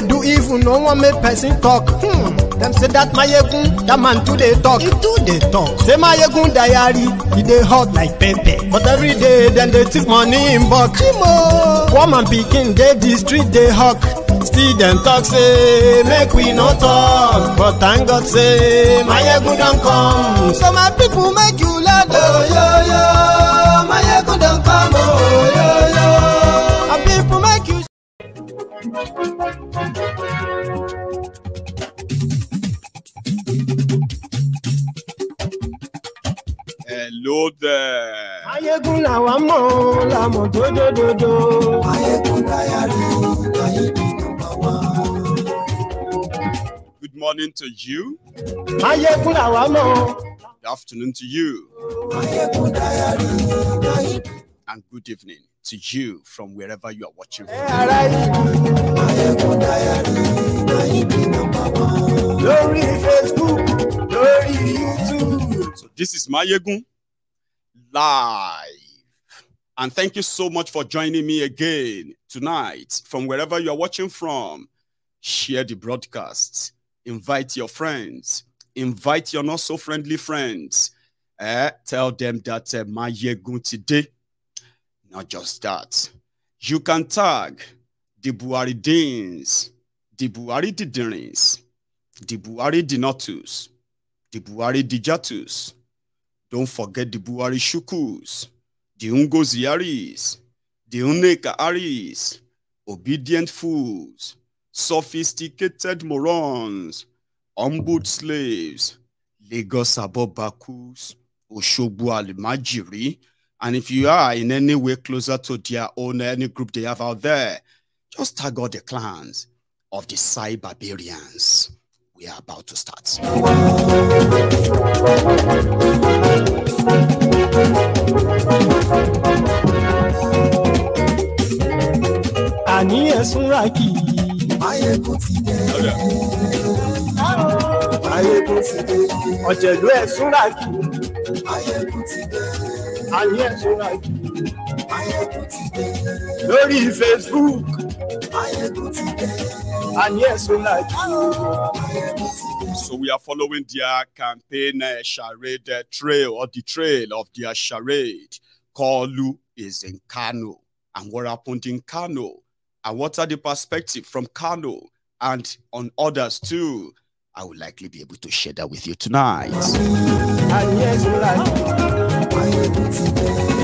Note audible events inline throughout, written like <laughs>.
dey do evil no wan make person talk hmm dem say dat mayegun dat man too dey talk e too dey talk say mayegun diary e dey hot like pepper but every day dem dey thief money in bulk imo woman pikin dey di street dey hawk still dem talk say make we no talk but thank god say mayegun don come so my pipo make you laugh. Oh, yo yo, mayegun don come Hello there. Ayégún làwa mọ̀ làmọ̀ tó dòdòdò. Ayégún láyà rẹ̀ ayégún nọ́mbà wá. Good morning to you. Ayégún làwa mọ̀. Good afternoon to you. Ayégún láyà rẹ̀ ayégún. And good evening. to you from wherever you are watching from. So this is Mayegun live. And thank you so much for joining me again tonight from wherever you're watching from. Share the broadcast, invite your friends, invite your not so friendly friends. Eh, tell them that uh, eh, my yegun today Not just that, you can tag the Buharidins, the Buhari Didirins, the Buhari Dinotus, the Buhari Dijatus. Don't forget the Buhari Shukus, the Ungoziaris, the Unekaris, obedient fools, sophisticated morons, humbled slaves, Lagos Abobakus, al Alimajiri, And if you are in any way closer to their own, any group they have out there, just tag all the clans of the cyberbarians. We are about to start ayé ẹ̀ṣọ́ra lórí Facebook ayé ẹ̀ṣọ́ra. So we are following their campaign uh, charade uh, trail or the trail of their charade. Kalu is in Kano. And what happened in Kano? And what are the perspective from Kano and on others too? I will likely be able to share that with you tonight.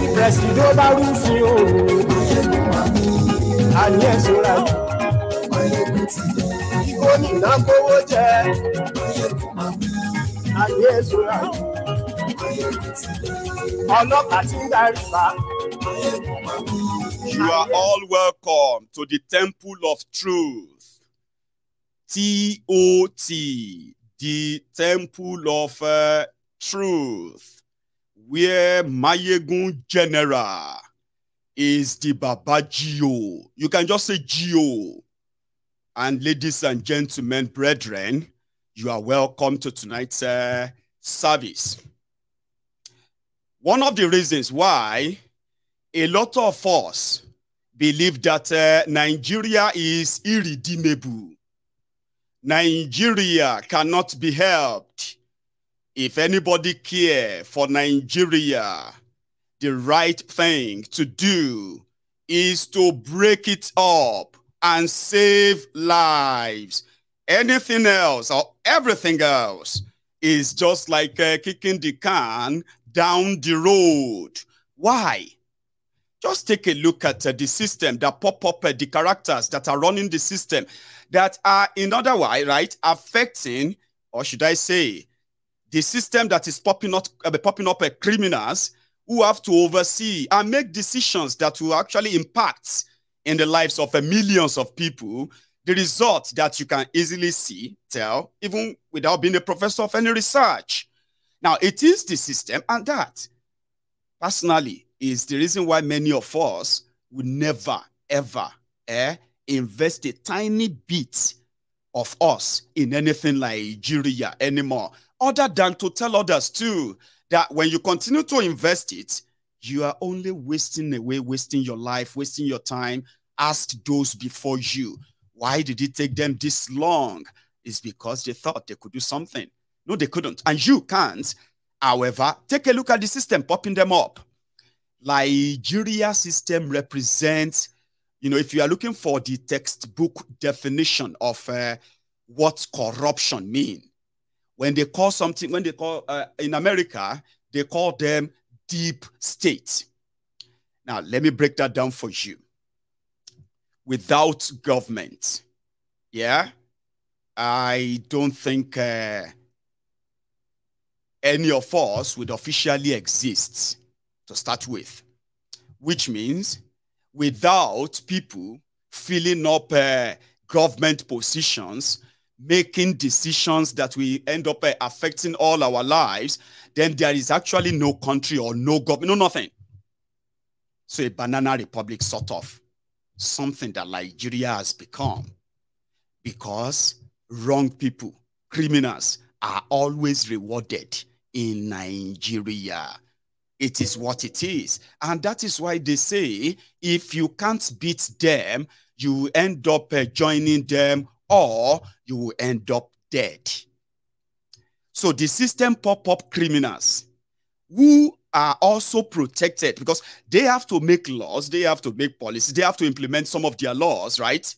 ìpẹ̀sìdó bá rúfin o àní ẹ̀ sọ́ra ìkó nìyà kówó jẹ àní ẹ̀ sọ́ra ọlọ́pàá ti ń darí bá. You are all welcome to the Temple of Truth. T O T, the Temple of uh, Truth. where Mayegun General is the Baba Gio. You can just say Gio. And ladies and gentlemen, brethren, you are welcome to tonight's uh, service. One of the reasons why a lot of us believe that uh, Nigeria is irredeemable. Nigeria cannot be helped. If anybody care for Nigeria, the right thing to do is to break it up and save lives. Anything else or everything else is just like uh, kicking the can down the road. Why? Just take a look at uh, the system that pop up, uh, the characters that are running the system that are in other way, right, affecting, or should I say, the system that is popping up, uh, popping up uh, criminals who have to oversee and make decisions that will actually impact in the lives of uh, millions of people, the result that you can easily see, tell, even without being a professor of any research. Now, it is the system, and that, personally, is the reason why many of us will never, ever eh, invest a tiny bit of us in anything like Nigeria anymore other than to tell others too that when you continue to invest it, you are only wasting away, wasting your life, wasting your time. Ask those before you. Why did it take them this long? It's because they thought they could do something. No, they couldn't. And you can't. However, take a look at the system popping them up. Nigeria system represents, you know, if you are looking for the textbook definition of uh, what corruption means, when they call something, when they call, uh, in America, they call them deep state. Now, let me break that down for you. Without government, yeah, I don't think uh, any of us would officially exist to start with, which means without people filling up uh, government positions, making decisions that we end up uh, affecting all our lives, then there is actually no country or no government, no nothing. So a banana republic sort of something that Nigeria has become because wrong people, criminals are always rewarded in Nigeria. It is what it is. And that is why they say if you can't beat them, you end up uh, joining them or you will end up dead. So the system pop up criminals who are also protected because they have to make laws, they have to make policies, they have to implement some of their laws, right?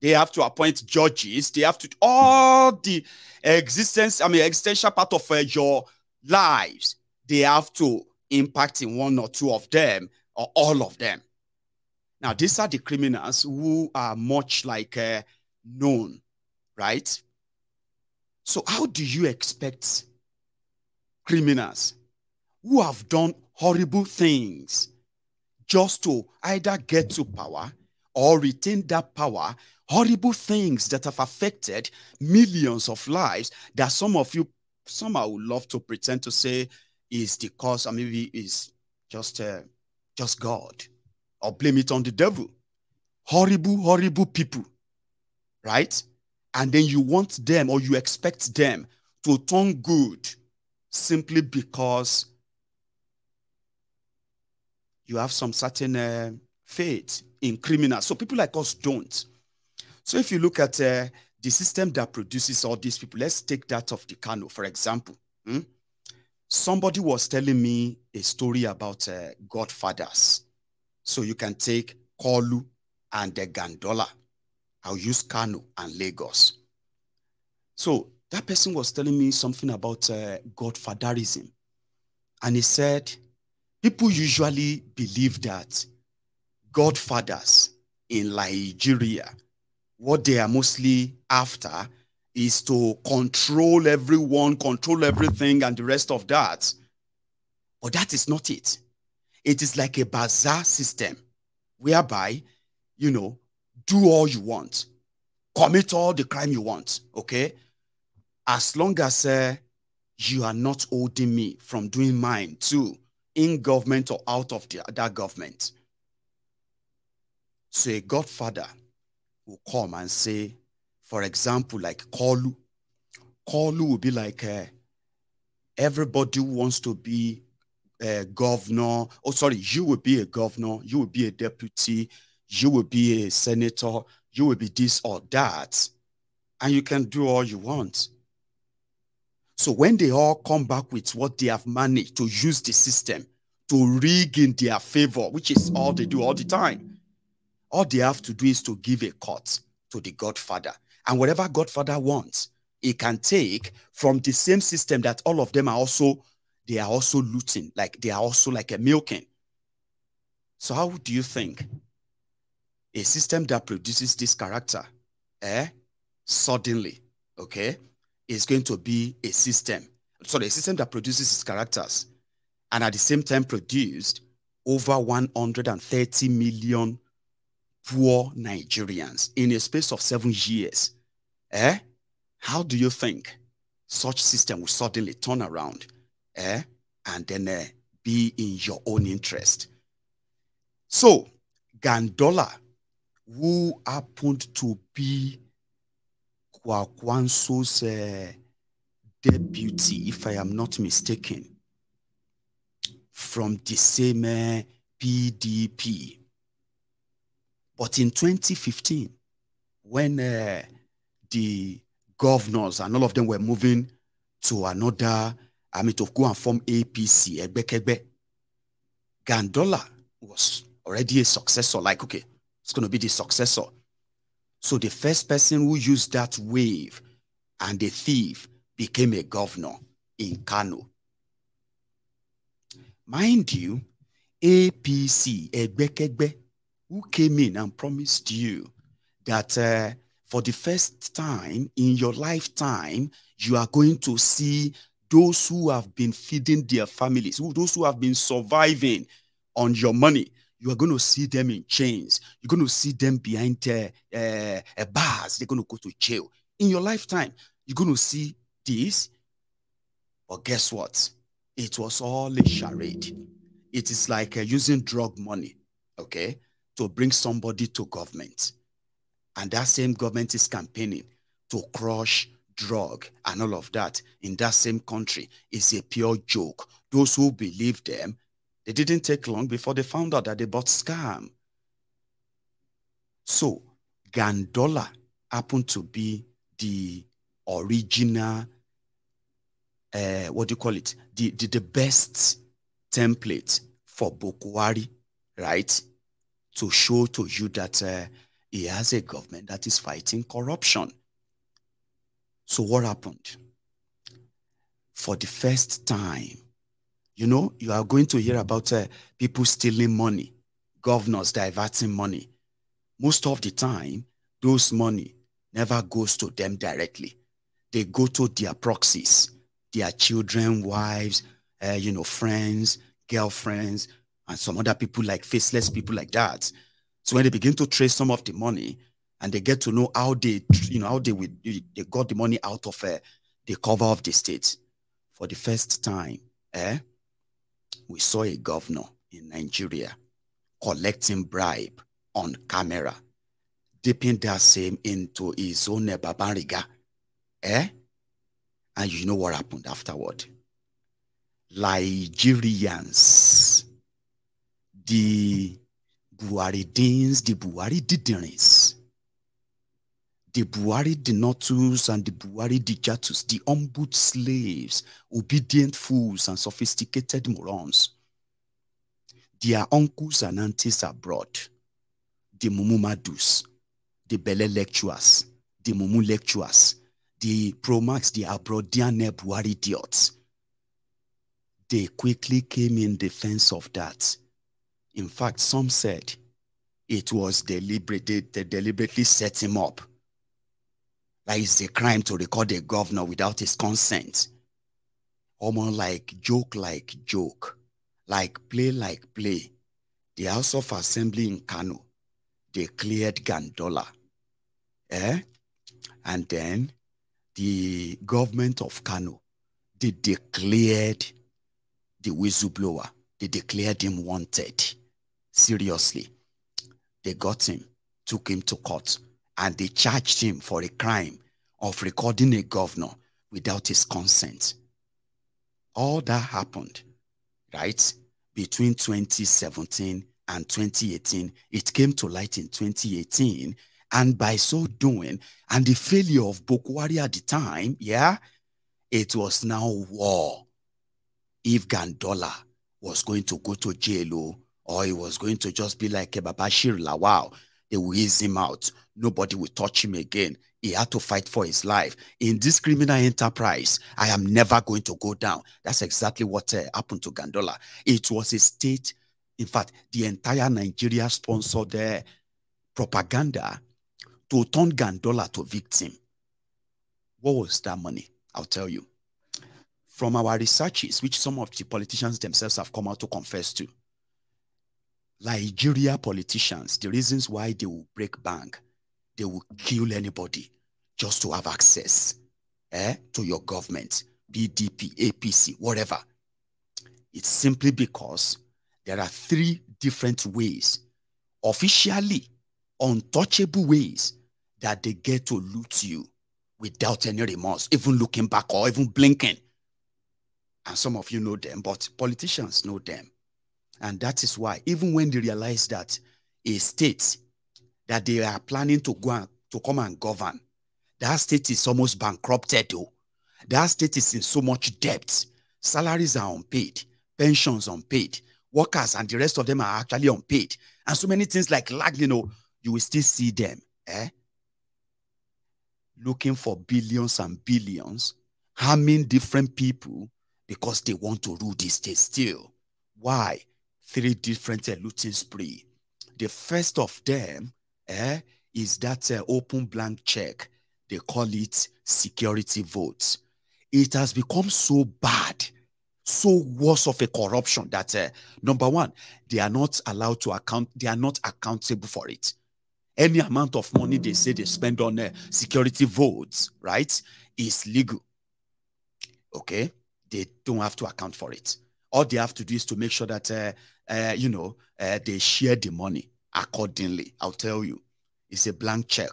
They have to appoint judges, they have to all the existence, I mean, existential part of uh, your lives, they have to impact in one or two of them or all of them. Now, these are the criminals who are much like uh, known, right? So, how do you expect criminals who have done horrible things just to either get to power or retain that power? Horrible things that have affected millions of lives that some of you somehow would love to pretend to say is the cause, or maybe is just uh, just God, or blame it on the devil. Horrible, horrible people right? And then you want them or you expect them to turn good simply because you have some certain uh, faith in criminals. So people like us don't. So if you look at uh, the system that produces all these people, let's take that of the Kano, for example. Hmm? Somebody was telling me a story about uh, godfathers. So you can take Kolu and the Gandola. I'll use Kano and Lagos. So that person was telling me something about uh, godfatherism. And he said, people usually believe that godfathers in Nigeria, what they are mostly after is to control everyone, control everything, and the rest of that. But that is not it. It is like a bazaar system whereby, you know, do all you want, commit all the crime you want, okay? As long as uh, you are not holding me from doing mine too, in government or out of the, that government. So a godfather will come and say, for example, like Kolu. Kolu will be like, uh, everybody wants to be a uh, governor. Oh, sorry, you will be a governor, you will be a deputy, you will be a senator, you will be this or that, and you can do all you want. So when they all come back with what they have managed to use the system to rig in their favor, which is all they do all the time, all they have to do is to give a cut to the Godfather. And whatever Godfather wants, he can take from the same system that all of them are also, they are also looting, like they are also like a milking. So how do you think a system that produces this character eh, suddenly, okay, is going to be a system. Sorry, a system that produces its characters and at the same time produced over 130 million poor Nigerians in a space of seven years. Eh? How do you think such system will suddenly turn around eh? and then eh, be in your own interest? So, Gandola who happened to be Kwakwanso's uh, deputy, if I am not mistaken, from the same uh, PDP. But in 2015, when uh, the governors and all of them were moving to another, I mean, to go and form APC, Ebekebé, Gandola was already a successor. Like, okay, it's going to be the successor. So the first person who used that wave and the thief became a governor in Kano. Mind you, APC, Egbekegbe, who came in and promised you that uh, for the first time in your lifetime, you are going to see those who have been feeding their families, those who have been surviving on your money, you are going to see them in chains. You're going to see them behind uh, uh, uh bars. They're going to go to jail. In your lifetime, you're going to see this. But guess what? It was all a charade. It is like uh, using drug money, okay, to bring somebody to government. And that same government is campaigning to crush drug and all of that in that same country is a pure joke. Those who believe them they didn't take long before they found out that they bought scam. So Gandola happened to be the original, uh, what do you call it? The, the, the best template for Bokwari, right? To show to you that uh, he has a government that is fighting corruption. So what happened? For the first time, you know, you are going to hear about uh, people stealing money, governors diverting money. Most of the time, those money never goes to them directly. They go to their proxies, their children, wives, uh, you know, friends, girlfriends, and some other people like faceless people like that. So when they begin to trace some of the money, and they get to know how they, you know, how they they got the money out of uh, the cover of the state for the first time. Eh? we saw a governor in Nigeria collecting bribe on camera, dipping that same into his own babariga. Eh? And you know what happened afterward? Nigerians, the Buharidins, the Buhari the Buhari Denotus and the Buhari Dijatus, the humbled slaves, obedient fools, and sophisticated morons. Their uncles and aunties abroad, the Mumumadus, the Bele lecturers, the Mumu lecturers, the Promax, the Abroadian Buhari idiots. They quickly came in defense of that. In fact, some said it was deliberate, they, they deliberately set him up that it's a crime to record a governor without his consent. Almost like joke, like joke, like play, like play. The House of Assembly in Kano, declared Gandola. Eh? And then the government of Kano, they declared the whistleblower. They declared him wanted. Seriously. They got him, took him to court and they charged him for a crime of recording a governor without his consent. All that happened, right? Between 2017 and 2018, it came to light in 2018. And by so doing, and the failure of Bokwari at the time, yeah, it was now war. If Gandola was going to go to jail oh, or he was going to just be like a eh, Babashir Lawal, they will ease him out. Nobody will touch him again. He had to fight for his life. In this criminal enterprise, I am never going to go down. That's exactly what uh, happened to Gandola. It was a state, in fact, the entire Nigeria sponsored uh, propaganda to turn Gandola to victim. What was that money? I'll tell you. From our researches, which some of the politicians themselves have come out to confess to, Nigeria politicians, the reasons why they will break bank, they will kill anybody just to have access eh, to your government, PDP, APC, whatever. It's simply because there are three different ways, officially untouchable ways, that they get to loot you without any remorse, even looking back or even blinking. And some of you know them, but politicians know them. And that is why, even when they realize that a state that they are planning to go and, to come and govern, that state is almost bankrupted though. That state is in so much debt. Salaries are unpaid, pensions unpaid, workers and the rest of them are actually unpaid. And so many things like lag, you know, you will still see them eh? looking for billions and billions, harming different people because they want to rule this state still. Why? three different uh, looting spree. The first of them eh, is that uh, open blank check. They call it security votes. It has become so bad, so worse of a corruption that uh, number one, they are not allowed to account. They are not accountable for it. Any amount of money they say they spend on uh, security votes, right, is legal. Okay, they don't have to account for it all they have to do is to make sure that uh, uh, you know uh, they share the money accordingly. I'll tell you, it's a blank check.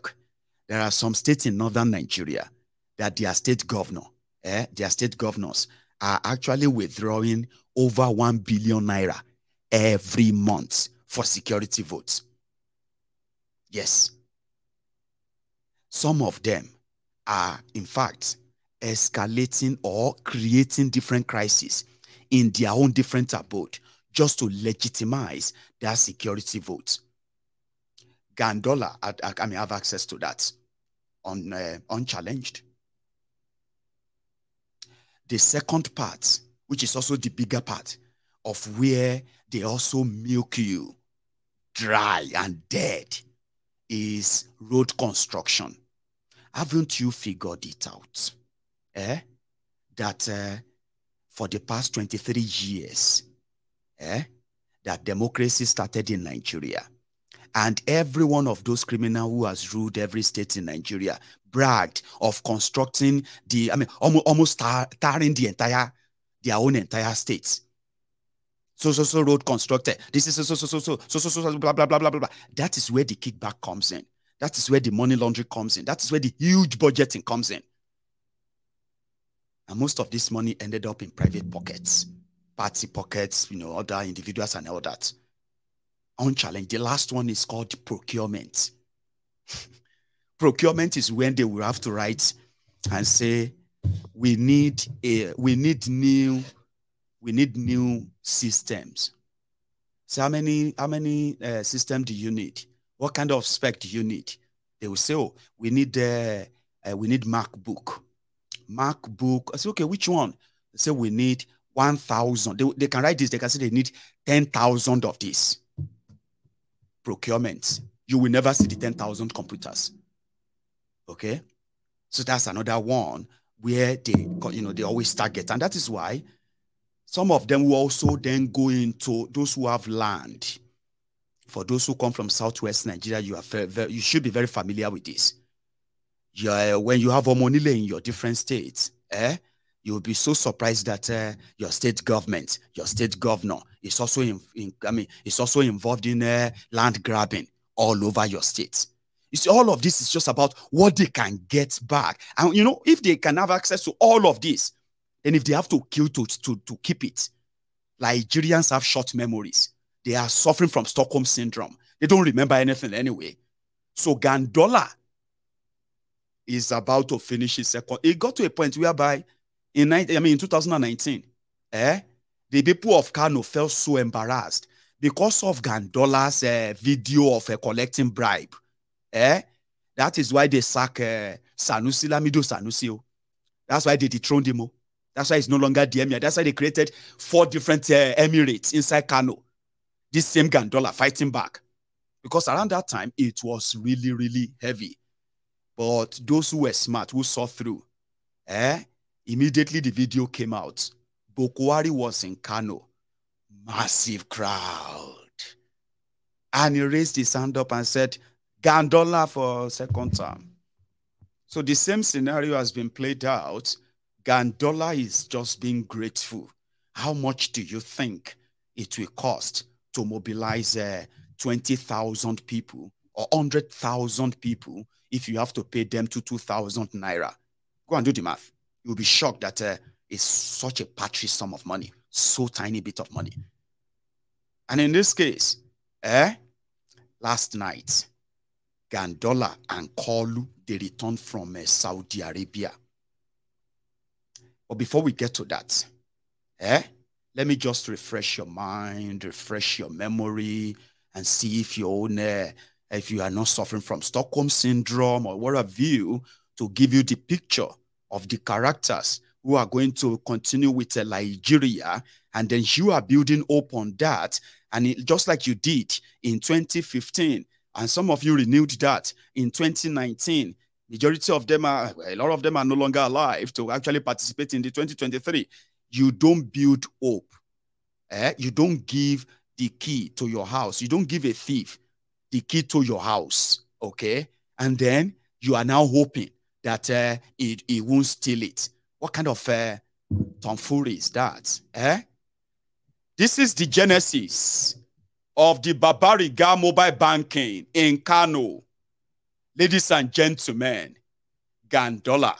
There are some states in northern Nigeria that their state governor, eh, their state governors are actually withdrawing over one billion naira every month for security votes. Yes, some of them are in fact escalating or creating different crises in their own different abode just to legitimize their security vote. Gandola, I, I, mean, have access to that un uh, unchallenged. The second part, which is also the bigger part of where they also milk you dry and dead, is road construction. Haven't you figured it out? Eh? That uh, for the past 23 years eh, that democracy started in Nigeria. And every one of those criminals who has ruled every state in Nigeria bragged of constructing the, I mean, almost, almost tar tarring the entire, their own entire states. So, so, so road constructed. This is so, so, so, so, so, so, so, so, blah, blah, blah, blah, blah. That is where the kickback comes in. That is where the money laundering comes in. That is where the huge budgeting comes in. And most of this money ended up in private pockets, party pockets, you know, other individuals and all that. Unchallenged. The last one is called procurement. <laughs> procurement is when they will have to write and say, we need a we need new we need new systems. So how many how many uh, system do you need? What kind of spec do you need? They will say, oh, we need uh, uh we need MacBook. MacBook. I said, okay, which one? They say we need 1,000. They, they can write this. They can say they need 10,000 of this. Procurement. You will never see the 10,000 computers. Okay? So that's another one where they, you know, they always target. And that is why some of them will also then go into those who have land. For those who come from Southwest Nigeria, you, are very, very, you should be very familiar with this. Yeah, uh, when you have Omonile in your different states, eh, you'll be so surprised that uh, your state government, your state governor is also in, in I mean, is also involved in uh, land grabbing all over your state. You see, all of this is just about what they can get back. And you know, if they can have access to all of this, then if they have to kill to, to, to keep it, Nigerians have short memories. They are suffering from Stockholm syndrome. They don't remember anything anyway. So Gandola is about to finish his second. It got to a point whereby in 19, I mean in 2019, eh, the people of Kano felt so embarrassed because of Gandola's uh, video of uh, collecting bribe. Eh? That is why they sack uh, Sanusi Lamido Sanusi. Oh. That's why they dethroned him. Oh. That's why he's no longer the emir. That's why they created four different uh, emirates inside Kano. This same Gandola fighting back. Because around that time, it was really, really heavy. But those who were smart, who saw through, eh, immediately the video came out. Bokwari was in Kano. Massive crowd. And he raised his hand up and said, Gandola for second term. So the same scenario has been played out. Gandola is just being grateful. How much do you think it will cost to mobilize uh, eh, 20,000 people or 100,000 people if you have to pay them to 2,000 naira. Go and do the math. You'll be shocked that uh, it's such a patchy sum of money, so tiny bit of money. And in this case, eh, last night, Gandola and Kalu, they returned from uh, Saudi Arabia. But before we get to that, eh, let me just refresh your mind, refresh your memory, and see if your own uh, if you are not suffering from Stockholm syndrome or what have you, to give you the picture of the characters who are going to continue with uh, Nigeria. And then you are building up on that. And it, just like you did in 2015, and some of you renewed that in 2019, majority of them are, a lot of them are no longer alive to actually participate in the 2023. You don't build hope. Eh? You don't give the key to your house. You don't give a thief the key to your house. Okay. And then you are now hoping that uh, it, it won't steal it. What kind of uh, tomfoolery is that? Eh? This is the genesis of the Barbariga mobile banking in Kano. Ladies and gentlemen, Gandola.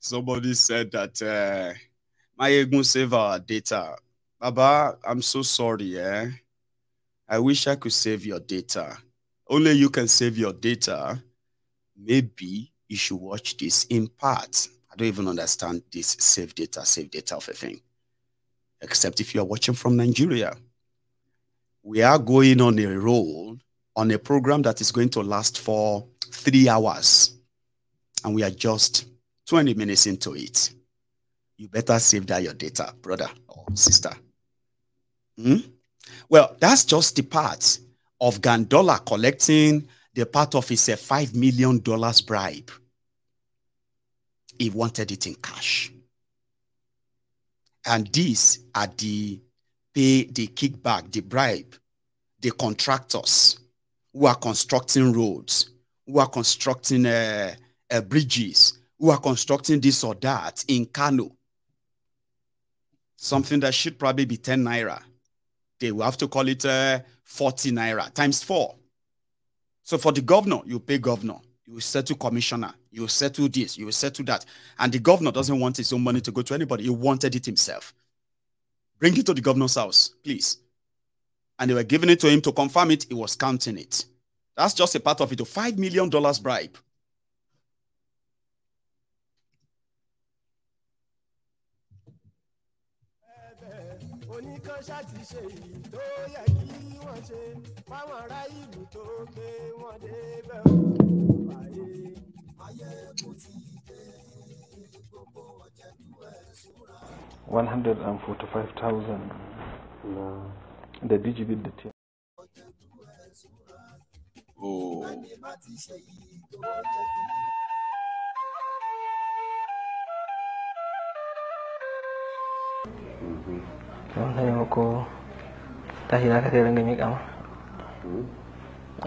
Somebody said that uh, my Egun save our data. Baba, I'm so sorry. Eh? I wish I could save your data. Only you can save your data. Maybe you should watch this in part. I don't even understand this save data, save data of a thing. Except if you are watching from Nigeria. We are going on a roll on a program that is going to last for three hours and we are just 20 minutes into it. You better save that your data, brother or sister. Hmm? Well, that's just the part of Gandola collecting the part of his uh, $5 million bribe. He wanted it in cash. And these are the pay, the kickback, the bribe, the contractors who are constructing roads, who are constructing uh, uh, bridges, who are constructing this or that in Kano. Something that should probably be 10 naira. They will have to call it uh, 40 naira times four. So for the governor, you pay governor, you settle commissioner, you settle this, you settle that. And the governor doesn't want his own money to go to anybody. He wanted it himself. Bring it to the governor's house, please. And they were giving it to him to confirm it. He was counting it. That's just a part of it. A $5 million bribe. ṣáàtì ṣe èyí tó yẹ kí wọ́n ṣe fáwọn ará ìlú tó gbé wọn débẹ̀ ó ayé. ayé kò tí ì dé gbogbo ọ̀jẹ̀dù ẹ̀ súra. one hundred and forty-five thousand. The DGB the team. Oh. Mm-hmm. don hanyar ko tashi za ka kai ringa miƙa ma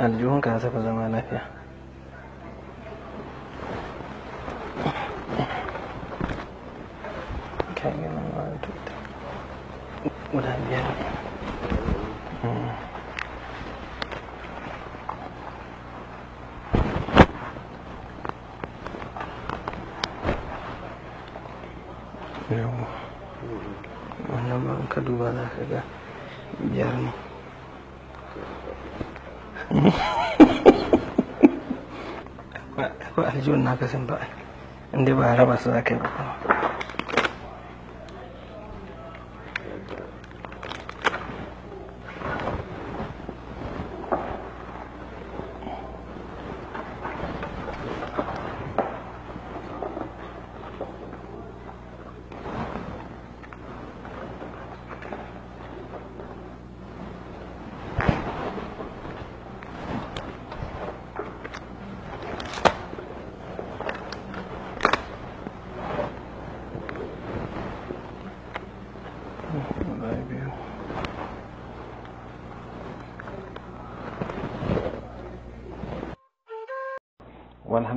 aljihun ka safa zama lafiya guda dua lah kata biar ni lah. Pak Pak Arjuna ke sempat. Ini baru masuk akhir. Okay.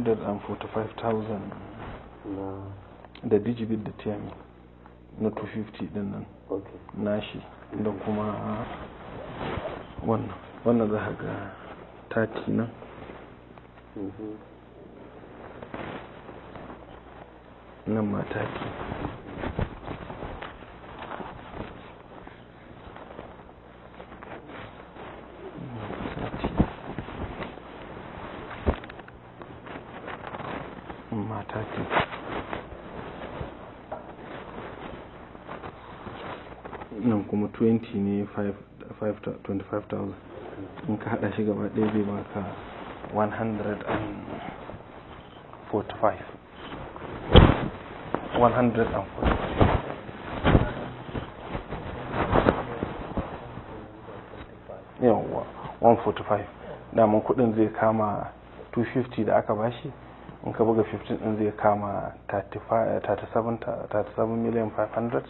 145,000 da digibit da tiyami e na 250 din nan nashi da kuma wannan wannan za ga taki nan mhm. nan ma taki ɗin mata ce nan kuma 20 ne 25,000 in ka hada shi gaba ɗaya zai baka 145 145 yawwa 145 damar kudin zai kama 250 da aka bashi in ka buga 15 din zai kama 37 million 500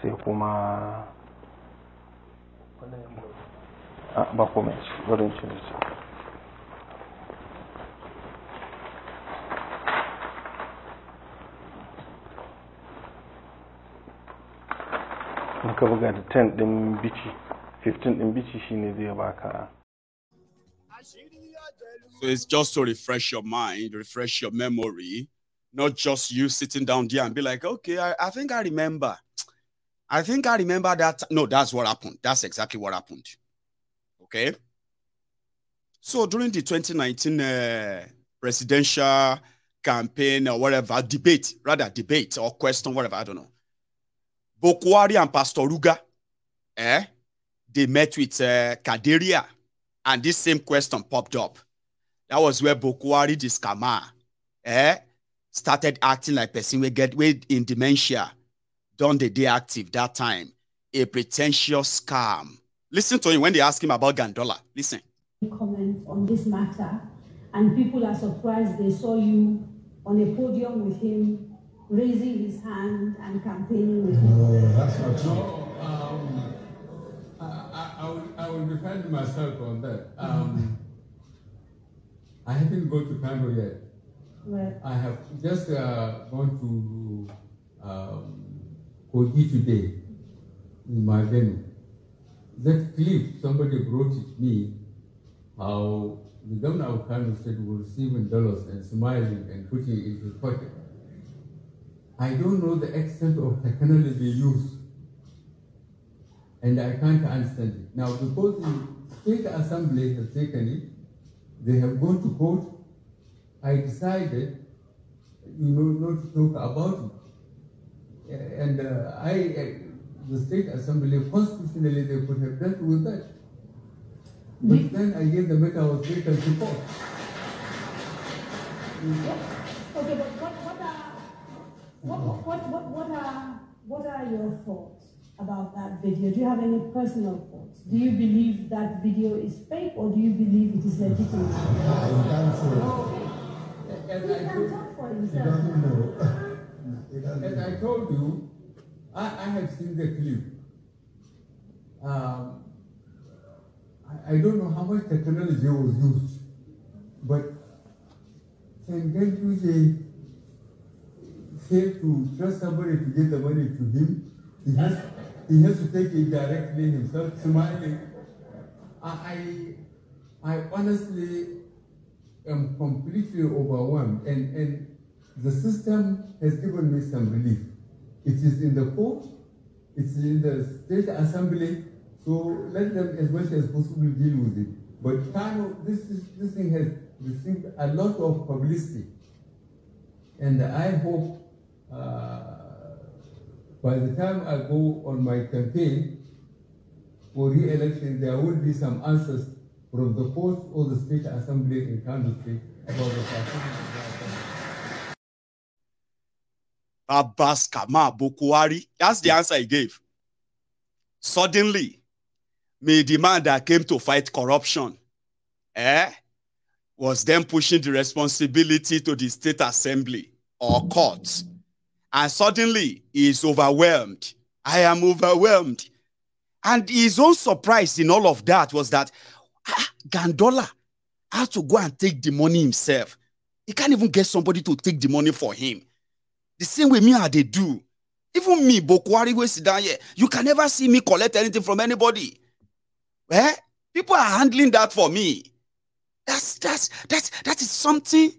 sai kuma ah, ba komai wurin ciniki in ka buga da 10 din bici 15 din bici shine zai baka ashirin So it's just to refresh your mind, refresh your memory, not just you sitting down there and be like, okay, I, I think I remember. I think I remember that. No, that's what happened. That's exactly what happened. Okay. So during the 2019 uh, presidential campaign or whatever, debate, rather debate or question, whatever, I don't know. Bokwari and Pastor Ruga, eh, they met with uh, Kaderia and this same question popped up. That was where Bokwari Discama eh, started acting like person we get with in dementia. Done the day active that time. A pretentious scam. Listen to him when they ask him about Gandola. Listen. Comment on this matter, and people are surprised they saw you on a podium with him, raising his hand and campaigning with him. No, oh, that's not true. No, um, I, I, would, I would defend myself on that. Um, I haven't gone to Cairo yet. I have just uh, gone to um, Kogi today in my venue. That clip, somebody brought it me, how the governor of Kano State was receiving dollars and smiling and putting it in his pocket. I don't know the extent of technology used and I can't understand it. Now, because the state assembly has taken it, they have gone to court, I decided, you know, not to talk about it. And uh, I, uh, the state assembly, constitutionally, they could have dealt with that. But then again, the matter was taken to court. Okay, but what, what are, what, what, what, what are, what are your thoughts? about that video? Do you have any personal thoughts? Do you believe that video is fake or do you believe it is legitimate? I can't say. As he I can talk for himself. doesn't know. Doesn't As know. I told you, I, I have seen the clip. Um, I, I don't know how much technology was used, but can get you a say to trust somebody to get the money to him, he has he has to take it directly himself, smiling. I, I honestly am completely overwhelmed, and, and the system has given me some relief. It is in the court, it's in the state assembly, so let them as much as possible deal with it. But Kano, this, is, this thing has received a lot of publicity, and I hope uh, by the time I go on my campaign for re-election, there will be some answers from the court or the state assembly in Kano State about the participation. Abbas Kama that's the answer he gave. Suddenly, may the man that came to fight corruption eh, was then pushing the responsibility to the state assembly or courts and suddenly he is overwhelmed. I am overwhelmed. And his own surprise in all of that was that ah, Gandola had to go and take the money himself. He can't even get somebody to take the money for him. The same way me and they do. Even me, Bokwari, we sit down here. You can never see me collect anything from anybody. Eh? People are handling that for me. That's that's that's that is something.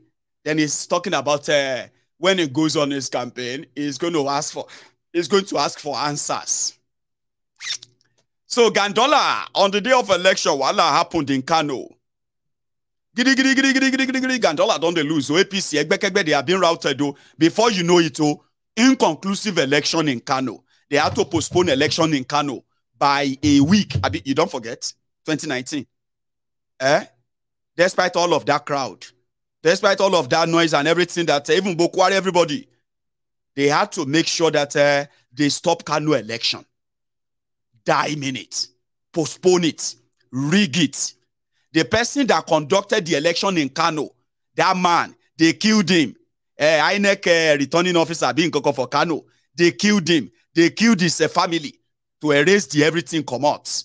Then he's talking about uh, when he goes on his campaign, he's going to ask for he's going to ask for answers. So Gandola, on the day of election, what happened in Kano? Gidi gidi gidi gidi gidi gidi gidi Gandola don't they lose. So APC, Egbekegbe, they have been routed. Though. Before you know it, oh, inconclusive election in Kano. They had to postpone election in Kano by a week. you don't forget, 2019. Eh? Despite all of that crowd, despite all of that noise and everything that uh, even Bokwari, everybody, they had to make sure that uh, they stop Kanu election, dime it, postpone it, rig it. The person that conducted the election in Kano, that man, they killed him. Uh, INEC uh, returning officer being Koko for Kano, they killed him. They killed his uh, family to erase the everything come out.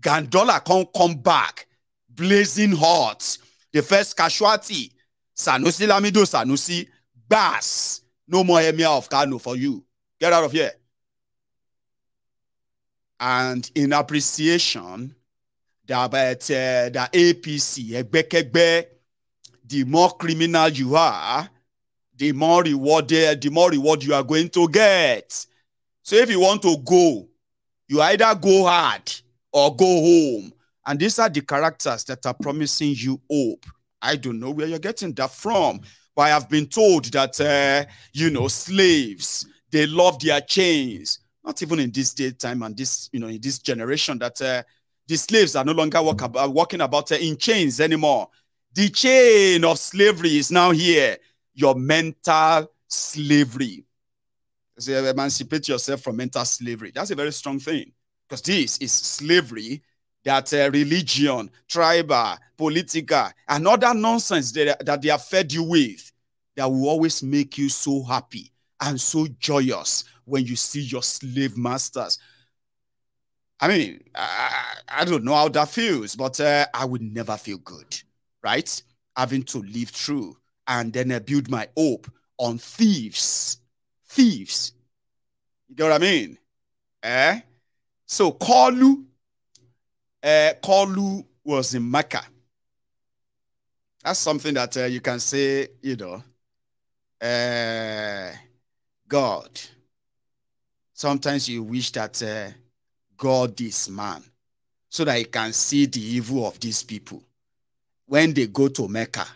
Gandola can't come back blazing hot the first casualty, Sanusi Lamido Sanusi, Bass, no more emir of Kano for you. Get out of here. And in appreciation, that, uh, that APC, Egbekegbe, the more criminal you are, the more rewarded, the more reward you are going to get. So if you want to go, you either go hard or go home. And these are the characters that are promising you hope. I don't know where you're getting that from, but I have been told that, uh, you know, slaves, they love their chains. Not even in this day time and this, you know, in this generation that uh, the slaves are no longer walk about, walking about uh, in chains anymore. The chain of slavery is now here. Your mental slavery. So emancipate yourself from mental slavery. That's a very strong thing because this is slavery that uh, religion, tribal, political, and other nonsense that, that they have fed you with that will always make you so happy and so joyous when you see your slave masters. I mean, I, I don't know how that feels, but uh, I would never feel good, right? Having to live through and then uh, build my hope on thieves. Thieves. You know what I mean? Eh? So, Kalu uh, eh, Kalu was in Mecca. That's something that uh, you can say, you know, uh, God. Sometimes you wish that uh, God is man so that he can see the evil of these people. When they go to Mecca,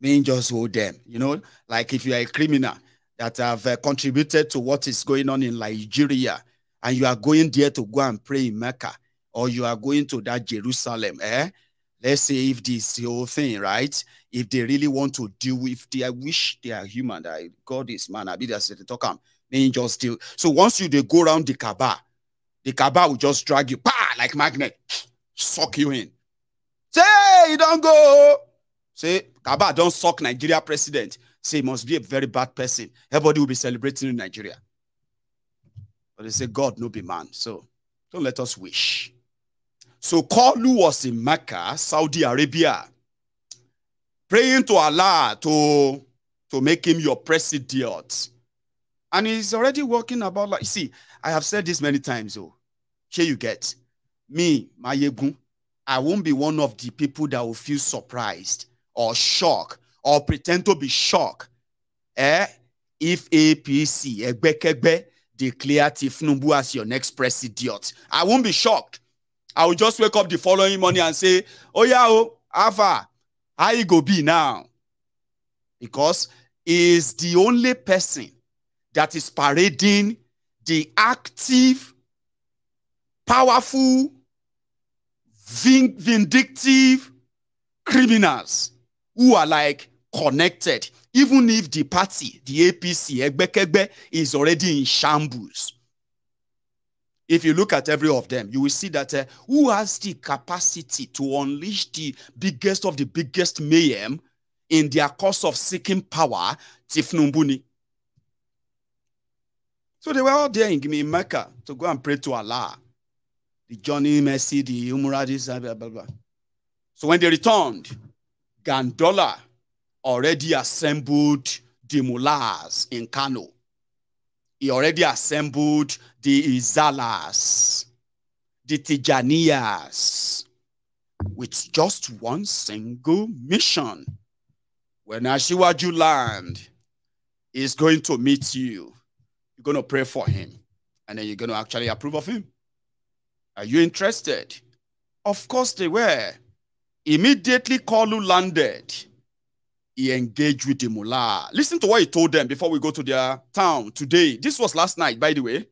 May just hold them, you know, like if you are a criminal that have uh, contributed to what is going on in Nigeria and you are going there to go and pray in Mecca, or you are going to that Jerusalem, eh? Let's say if this whole thing, right? If they really want to deal with, they I wish they are human. I God is man. I be that's the talk. They just deal. So once you they go around the Kaaba, the Kaaba will just drag you, bah, like magnet, suck you in. Say you don't go. Say Kaaba don't suck Nigeria president. Say he must be a very bad person. Everybody will be celebrating in Nigeria. But they say God no be man. So don't let us wish. So Kalu was in Mecca, Saudi Arabia, praying to Allah to, to make him your president. And he's already walking about like, see, I have said this many times, oh, here you get. Me, Mayegun, I won't be one of the people that will feel surprised or shocked or pretend to be shocked eh, if APC, Egbekegbe, declare Tifnubu as your next president. I won't be shocked. I will just wake up the following morning and say, Oh, yeah, oh, Alpha, how you go be now? Because he is the only person that is parading the active, powerful, vindictive criminals who are like connected, even if the party, the APC, is already in shambles. if you look at every of them, you will see that uh, who has the capacity to unleash the biggest of the biggest mayhem in their course of seeking power? Tifnumbuni. So they were all there in, in Mecca to go and pray to Allah. The Johnny Messi, the Umuradis, blah, blah, blah. So when they returned, Gandola already assembled the mullahs in Kano he already assembled the Izalas, the Tijaniyas, with just one single mission. When Ashiwaju land is going to meet you, you're going to pray for him, and then you're going to actually approve of him. Are you interested? Of course they were. Immediately Kalu landed he engaged with the mullah. Listen to what he told them before we go to their town today. This was last night, by the way.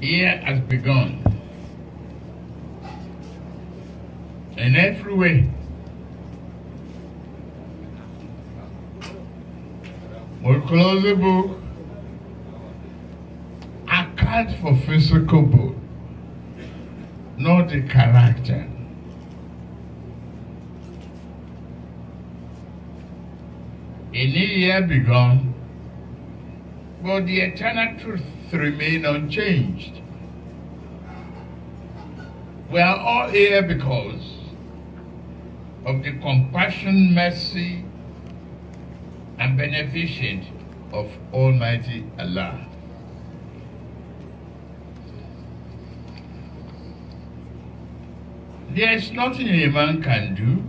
Here has begun. and every way. We'll close the book. Account for physical book, not the character. A new year begun, but the eternal truth remain unchanged. We are all here because of the compassion, mercy, and beneficence of Almighty Allah. There is nothing a man can do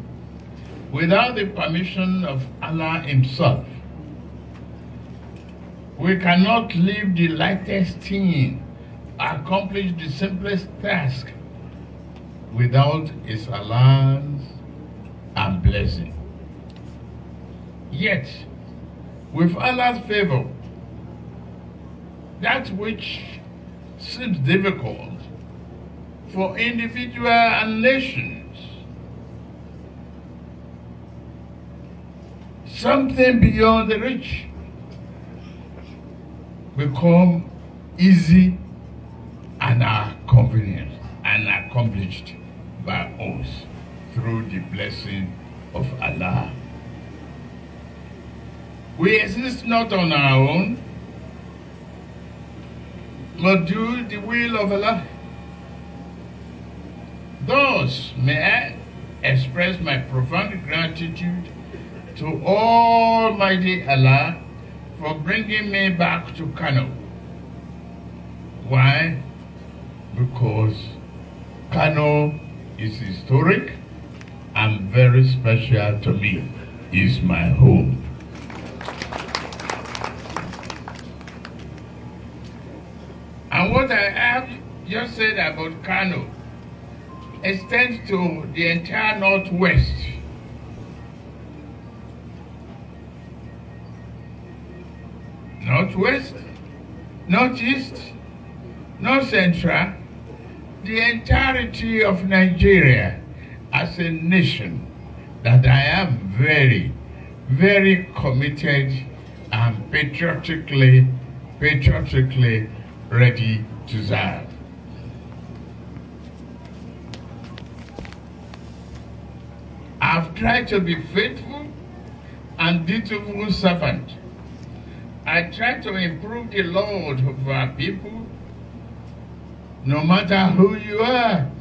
without the permission of Allah Himself. We cannot leave the lightest thing, accomplish the simplest task without His allowance and blessing. Yet, with Allah's favor, that which seems difficult for individual and nation something beyond the reach become easy and are convenient and accomplished by us through the blessing of Allah. We exist not on our own, but do the will of Allah. Thus, may I express my profound gratitude to Almighty Allah for bringing me back to Kano. Why? Because Kano is historic and very special to me. Is my home. And what I have just said about Kano extends to the entire Northwest northwest, northeast, north central, the entirety of Nigeria as a nation that I am very, very committed and patriotically, patriotically ready to serve. I've tried to be faithful and dutiful servant I try to improve the Lord of our people, no matter who you are.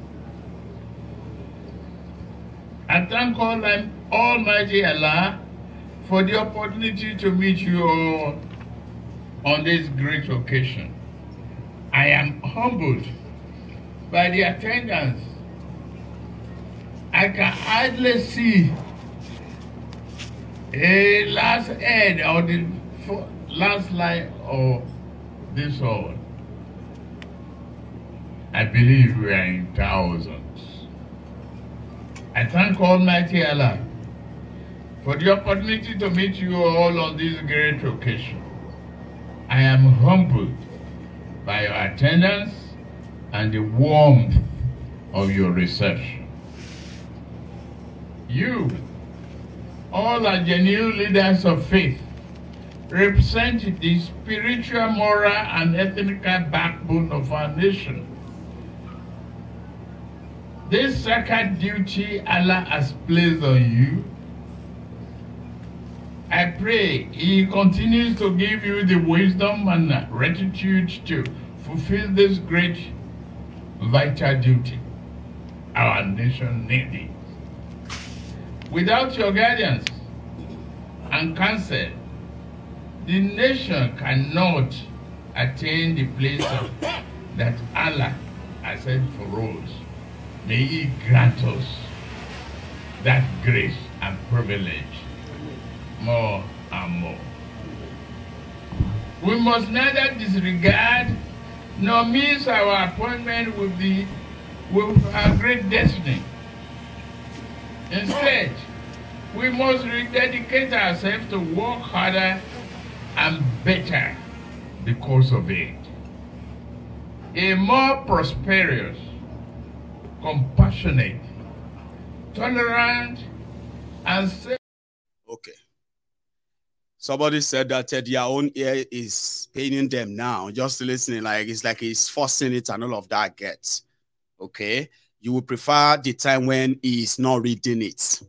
I thank Almighty Allah for the opportunity to meet you all on this great occasion. I am humbled by the attendance. I can hardly see a last head of the Last line or this all, I believe we are in thousands. I thank Almighty Allah for the opportunity to meet you all on this great occasion. I am humbled by your attendance and the warmth of your reception. You all are genuine leaders of faith represent the spiritual, moral, and ethnic backbone of our nation. This sacred duty Allah has placed on you, I pray He continues to give you the wisdom and rectitude to fulfill this great vital duty our nation needs. Without your guidance and counsel, the nation cannot attain the place of, <coughs> that Allah has set for us. May He grant us that grace and privilege more and more. We must neither disregard nor miss our appointment with, the, with our great destiny. Instead, we must rededicate ourselves to work harder and better because of it. A more prosperous, compassionate, tolerant, and Okay. Somebody said that uh, their own ear is paining them now, just listening, like it's like he's forcing it and all of that gets. Okay. You would prefer the time when he's not reading it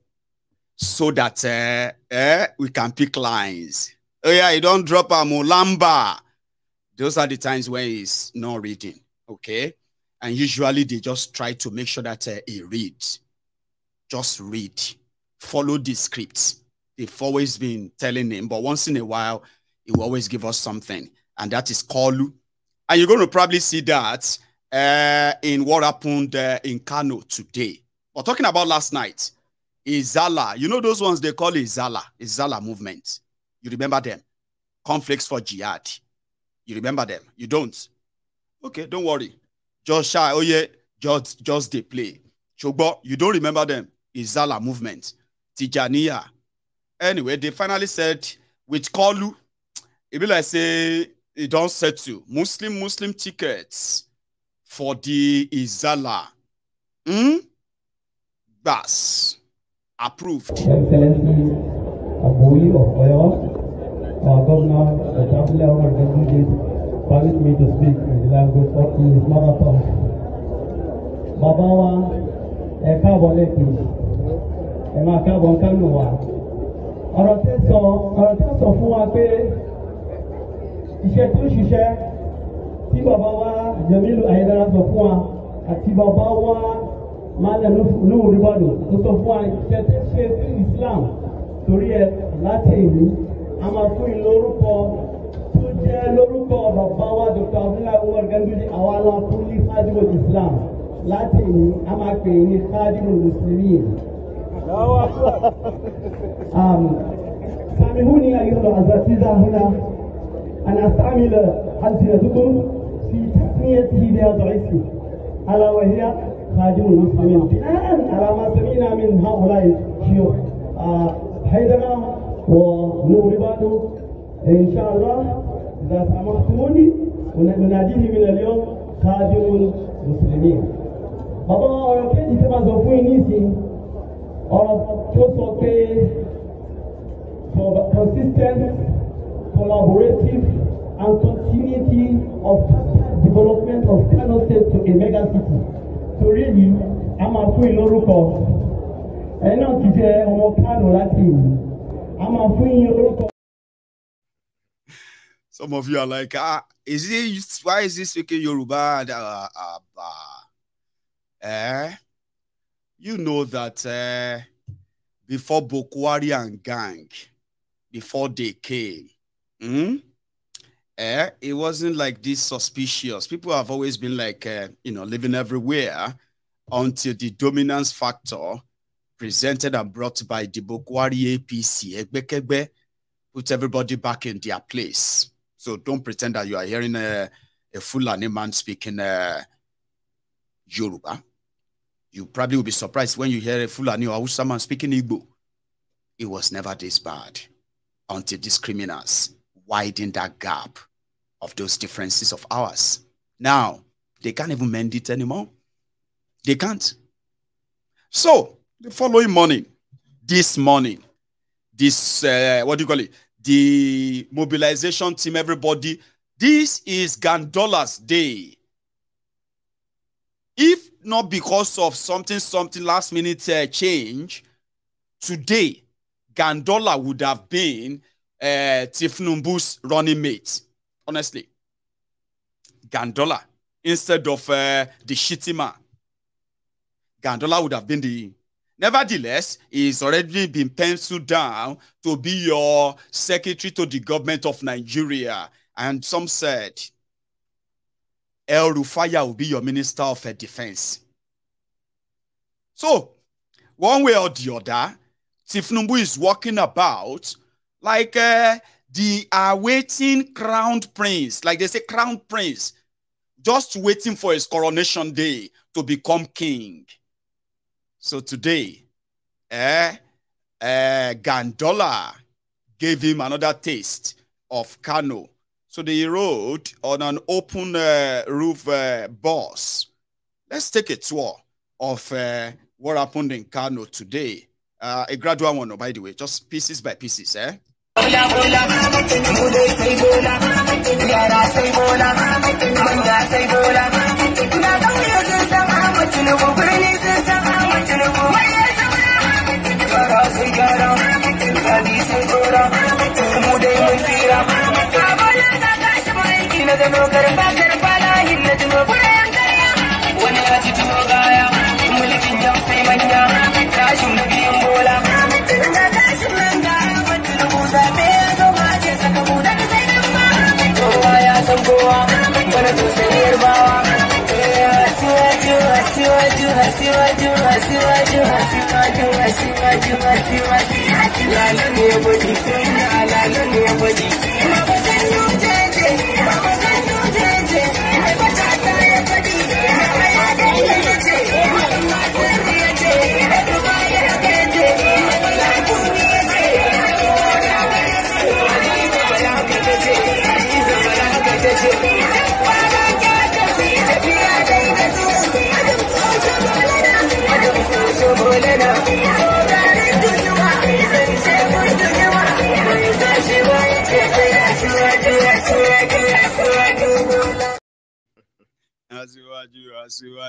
so that uh, uh, we can pick lines Oh yeah, you don't drop a mulamba. Those are the times when he's not reading. Okay. And usually they just try to make sure that uh, he reads. Just read. Follow the script. They've always been telling him, but once in a while, he will always give us something. And that is callu. And you're going to probably see that uh, in what happened uh, in Kano today. But talking about last night, Izala, you know those ones they call Izala, Izala movement. You remember them. Conflicts for jihad. You remember them. You don't. Okay, don't worry. Just shy. Oh yeah, just just they play. Shogbo, you don't remember them. Izala movement. Tijania. Anyway, they finally said with Kolu, it be like say it don't settle. Muslim Muslim tickets for the Izala. Hmm? Bas. Approved. Excellency, Aboyi of Oyo, uh, Governor Dr. Omar Gandhi permit me to speak in the language of his mother tongue. Bàbá wa ẹ káàbọ̀ ma ẹ máa káàbọ̀ kánò wa. Ọ̀rọ̀ tẹ́ sọ ọ̀rọ̀ tẹ́ sọ fún wa pé iṣẹ́ tó ṣiṣẹ́ tí bàbá wa Jamilu Ayédára sọ fún wa àti bàbá wa Malam Nuhu Ribadu tó sọ fún wa iṣẹ́ tẹ́ ṣe fún Islam torí ẹ láti ìlú. a máa fún yín lórúkọ tó jẹ́ lórúkọ bàbá wa dr abdullahi umar ganduje àwa la fún ní fájúmọ̀ islam láti ní a máa pè é ní fájúmọ̀ mùsùlùmí. سامحوني أيها الأعزائي هنا أن أستعمل ألسنتكم في تسميته بهذا الاسم ألا وهي خادم المسلمين بناء على ما سمعنا من هؤلاء الشيوخ حينما for Novibado. Inshallah, that Amatumuni, Unadini Minalion, Kadimun Muslimin. Bàbá ọ̀rọ̀ kéjì tí máa sọ fún yín nísìn on tó sọ pé consistent collaborative and continuity of development of Kano State to a mega city. To really, I'm a máa fún yín And now today, ti jẹ́ ọmọ Kano láti I'm Some of you are like, ah, is it why is he speaking Yoruba? uh, uh, uh, eh? You know that uh, before Bokwari and gang, before they came, hmm? eh, it wasn't like this suspicious. People have always been like, uh, you know, living everywhere until the dominance factor presented and brought by the Bokwari APC, put everybody back in their place. So don't pretend that you are hearing a, a Fulani man speaking uh, Yoruba. You probably will be surprised when you hear a Fulani or Hausa man speaking Igbo. It was never this bad until these criminals widened that gap of those differences of ours. Now, they can't even mend it anymore. They can't. So, the following morning, this morning, this, uh, what do you call it? The mobilization team, everybody. This is Gandola's day. If not because of something, something last minute uh, change, today, Gandola would have been uh, Tifnumbu's running mate. Honestly, Gandola instead of uh, the shitty man, Gandola would have been the Nevertheless, he's already been penciled down to be your secretary to the government of Nigeria. And some said El Rufaya will be your minister of defense. So, one way or the other, Tifnumbu is walking about like uh, the awaiting crowned prince, like they say, crowned prince, just waiting for his coronation day to become king. So today, eh, eh, Gandola gave him another taste of Kano. So they rode on an open uh, roof uh, bus. Let's take a tour of uh, what happened in Kano today. Uh, a gradual one, oh, by the way, just pieces by pieces, eh? síwájú wá síwájú wá síwájú wá síwájú wá síwájú. Lálẹ́ ni ẹbọ̀dì tó ń lọ, àlàlẹ́ ni ẹbọ̀dì tó ń lọ.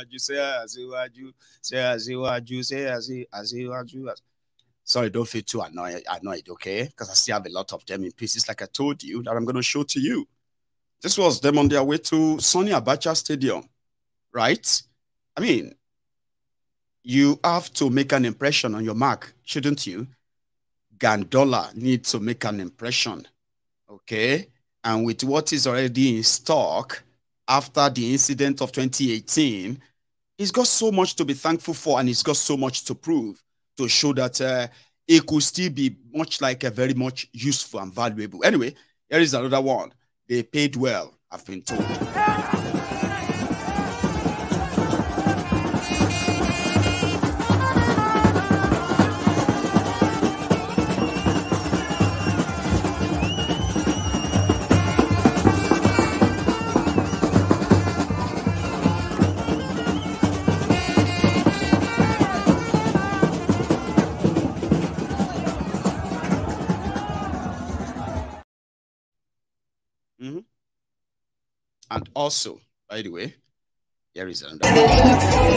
aṣíwájú ṣe aṣíwájú ṣe aṣíwájú ṣe aṣíwájú. Sorry, don't feel too annoyed, annoyed okay? Because I still have a lot of them in pieces, like I told you, that I'm going to show to you. This was them on their way to Sonny Abacha Stadium, right? I mean, you have to make an impression on your mark, shouldn't you? Gandola needs to make an impression, okay? And with what is already in stock, after the incident of 2018, he's got so much to be thankful for and he's got so much to prove to show that uh, it could still be much like a very much useful and valuable. Anyway, here is another one. They paid well, I've been told. also, by the way, there is another. Mm-hmm.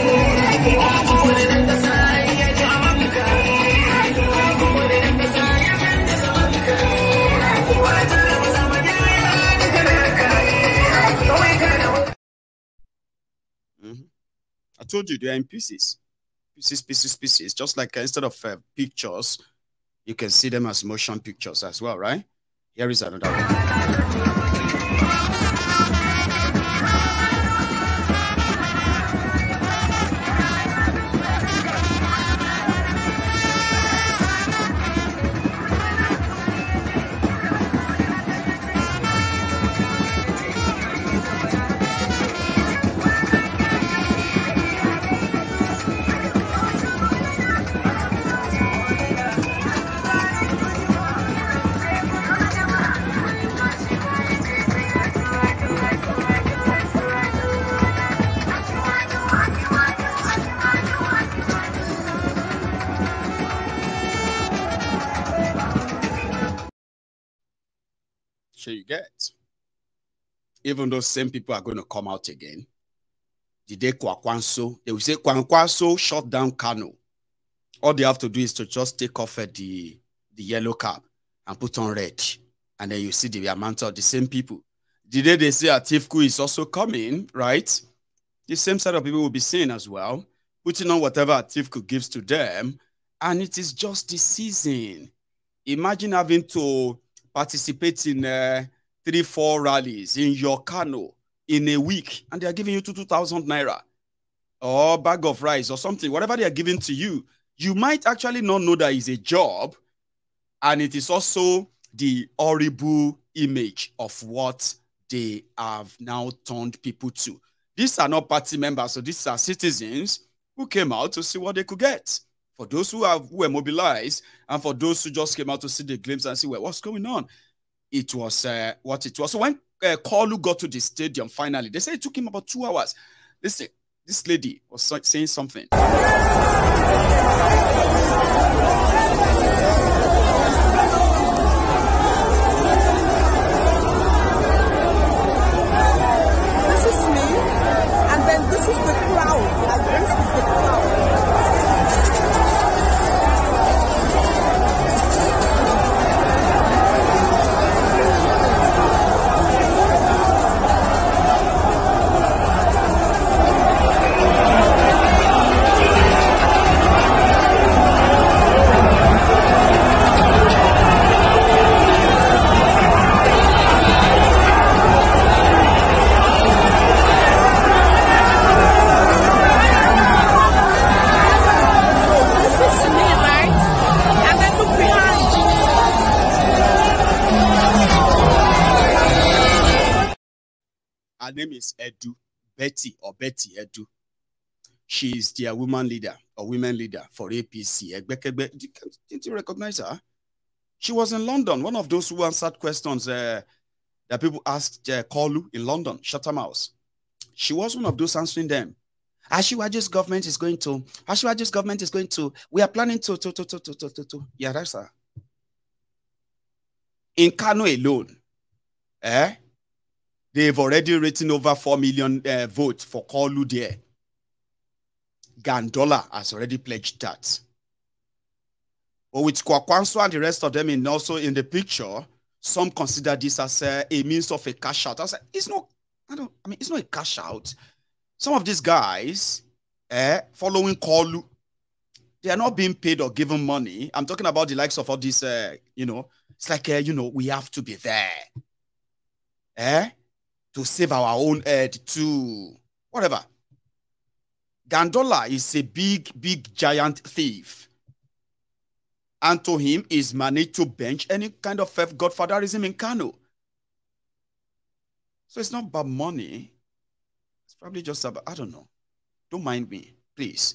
I told you they are in pieces, pieces, pieces, pieces. Just like uh, instead of uh, pictures, you can see them as motion pictures as well, right? Here is another one. get. Even those same people are going to come out again. Did they Kwakwanso? They will say Kwakwanso shut down Kano. All they have to do is to just take off uh, the, the yellow cap and put on red. And then you see the amount of the same people. The day they say Atifku is also coming, right? The same set of people will be seen as well, putting on whatever Atifku gives to them. And it is just the season. Imagine having to participate in uh, three, four rallies in your canal in a week, and they are giving you two, 2,000 naira or bag of rice or something, whatever they are giving to you, you might actually not know that is a job. And it is also the horrible image of what they have now turned people to. These are not party members, so these are citizens who came out to see what they could get. For those who, have, who were mobilized and for those who just came out to see the glimpse and see well, what's going on it was uh, what it was. So when uh, Kalu got to the stadium finally, they said it took him about two hours. Listen, this lady was saying something. Edu, Betty or Betty Edu. She is their woman leader or women leader for APC. Didn't you recognize her? She was in London, one of those who answered questions uh, that people asked uh, Kolu in London, mouth. She was one of those answering them. Ashiwaju's government is going to, Ashiwaju's government is going to, we are planning to, to, to, to, to, to, to, to. Yeah, that's her. In Kano alone, eh, They've already written over 4 million uh, votes for Kolu there. Gandola has already pledged that. But with Kwakwanso and the rest of them in also in the picture, some consider this as a, uh, a means of a cash out. I was like, it's not, I don't, I mean, it's not a cash out. Some of these guys eh, following Kolu, they are not being paid or given money. I'm talking about the likes of all these, uh, you know, it's like, uh, you know, we have to be there. Eh? to save our own earth too. Whatever. Gandola is a big, big giant thief. And to him is managed to bench any kind of godfatherism in Kano. So it's not about money. It's probably just about, I don't know. Don't mind me, please.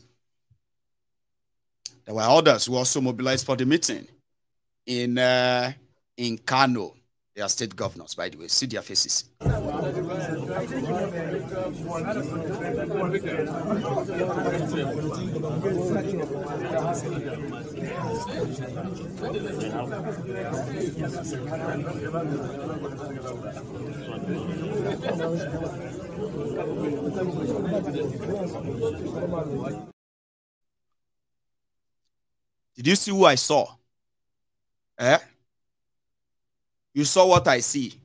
There were others who also mobilized for the meeting in uh, in Kano. They are state governors, by the way. See their faces. Did you see who I saw? Eh? You saw what I see.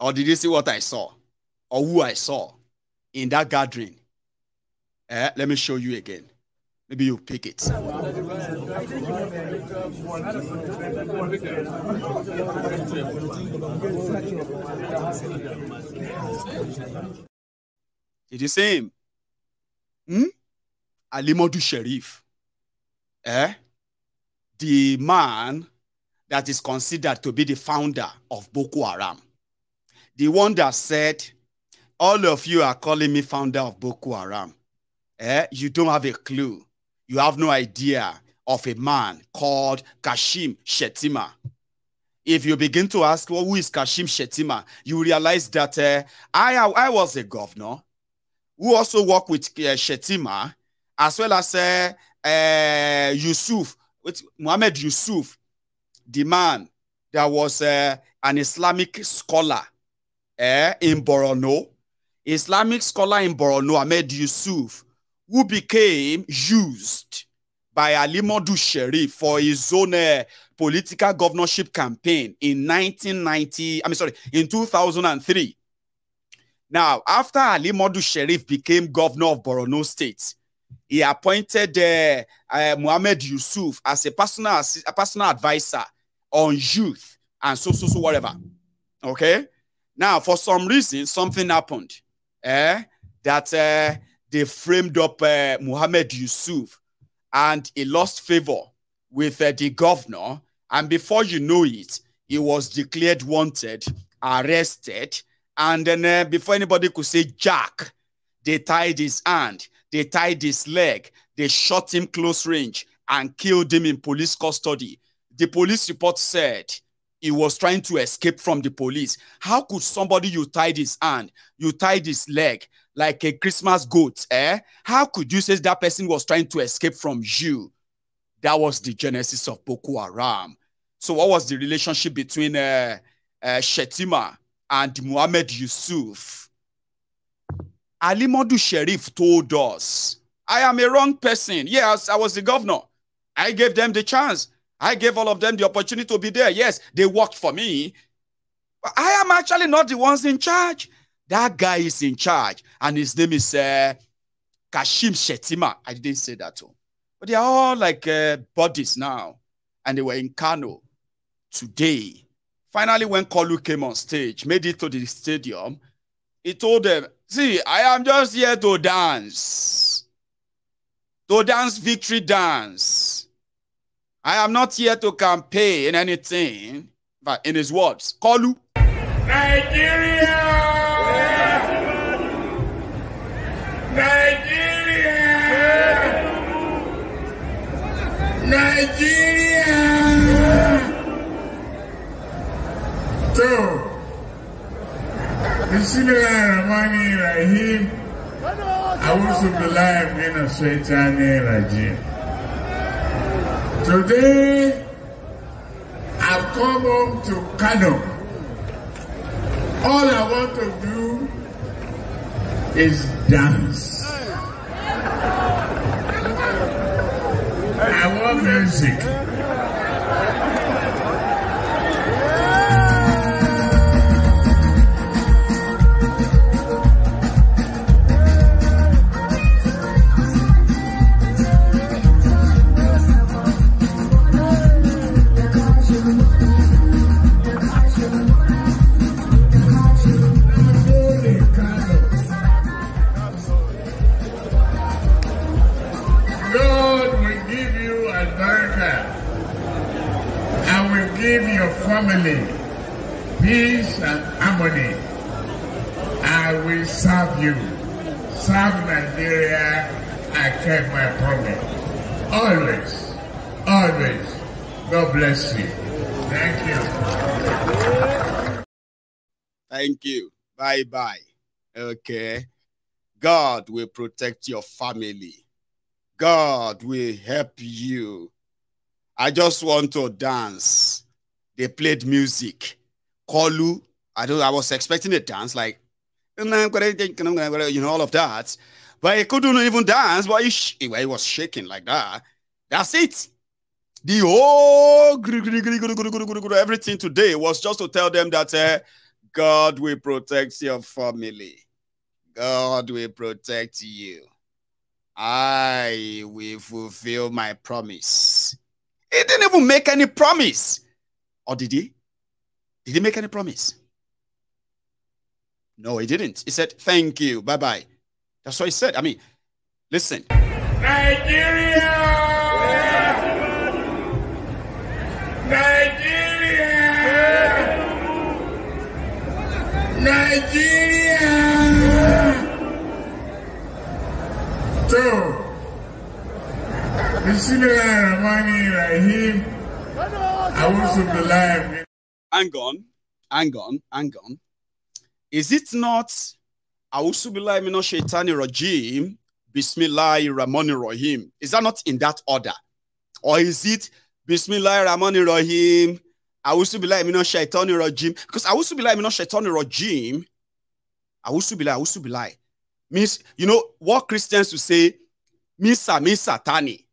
Or did you see what I saw? or who I saw in that gathering. Uh, let me show you again. Maybe you pick it. Did you see him? Hmm? Alimodu Sharif. Eh? The man that is considered to be the founder of Boko Haram. The one that said all of you are calling me founder of Boko Haram. Eh? You don't have a clue. You have no idea of a man called Kashim Shetima. If you begin to ask, well, who is Kashim Shetima? You realize that uh, I, I was a governor who also worked with uh, Shetima, as well as uh, uh, Yusuf, Muhammad Yusuf, the man that was an Islamic scholar in Borono. Islamic scholar in Borno, Ahmed Yusuf, who became used by Ali Modu Sherif for his own uh, political governorship campaign in 1990, I mean, sorry, in 2003. Now, after Ali Modu Sherif became governor of Borno State, he appointed uh, eh, uh, eh, Muhammad Yusuf as a personal, a personal advisor on youth and so, so, so, whatever. Okay? Now, for some reason, something happened eh, that uh, they framed up uh, eh, Muhammad Yusuf and he lost favor with uh, the governor. And before you know it, he was declared wanted, arrested. And then before anybody could say Jack, they tied his hand, they tied his leg, they shot him close range and killed him in police custody. The police report said he was trying to escape from the police. How could somebody you tied his hand, you tied his leg like a Christmas goat, eh? How could you say that person was trying to escape from you? That was the genesis of Boko Haram. So what was the relationship between uh, uh, Shetima and Muhammad Yusuf? Ali Modu Sharif told us, I am a wrong person. Yes, I was the governor. I gave them the chance. I gave all of them the opportunity to be there. Yes, they worked for me. But I am actually not the ones in charge. That guy is in charge, and his name is uh, Kashim Shetima. I didn't say that too. Oh. But they are all like uh, bodies now, and they were in Kano today. Finally, when Kolu came on stage, made it to the stadium, he told them, See, I am just here to dance, to dance victory dance. I am not here to campaign anything, but in his words, you. Nigeria! Nigeria! Nigeria! So, Bismillahirrahmanirrahim. I want to live in a Shaitan energy. Today, I've come home to Kano. All I want to do is dance. I want music. by. Okay. God will protect your family. God will help you. I just want to dance. They played music. Kolu. I don't I was expecting a dance like you know all of that. But he couldn't even dance, but he, he was shaking like that. That's it. The whole everything today was just to tell them that uh, God will protect your family. God will protect you. I will fulfill my promise. He didn't even make any promise. Or did he? Did he make any promise? No, he didn't. He said, Thank you. Bye bye. That's what he said. I mean, listen. Nigeria! Nigeria! So, Bismillahirrahmanirrahim. I want to be believe. Hang on, hang on, hang on. Is it not Awusubillah Mino Shaitani Rajim, Bismillah Ramani Rahim? Is that not in that order? Or is it Bismillah Ramani Rahim, like me not shaitani regime Because like me not shaitani I will still be like. Means, you know, what Christians will say, sa, me satani.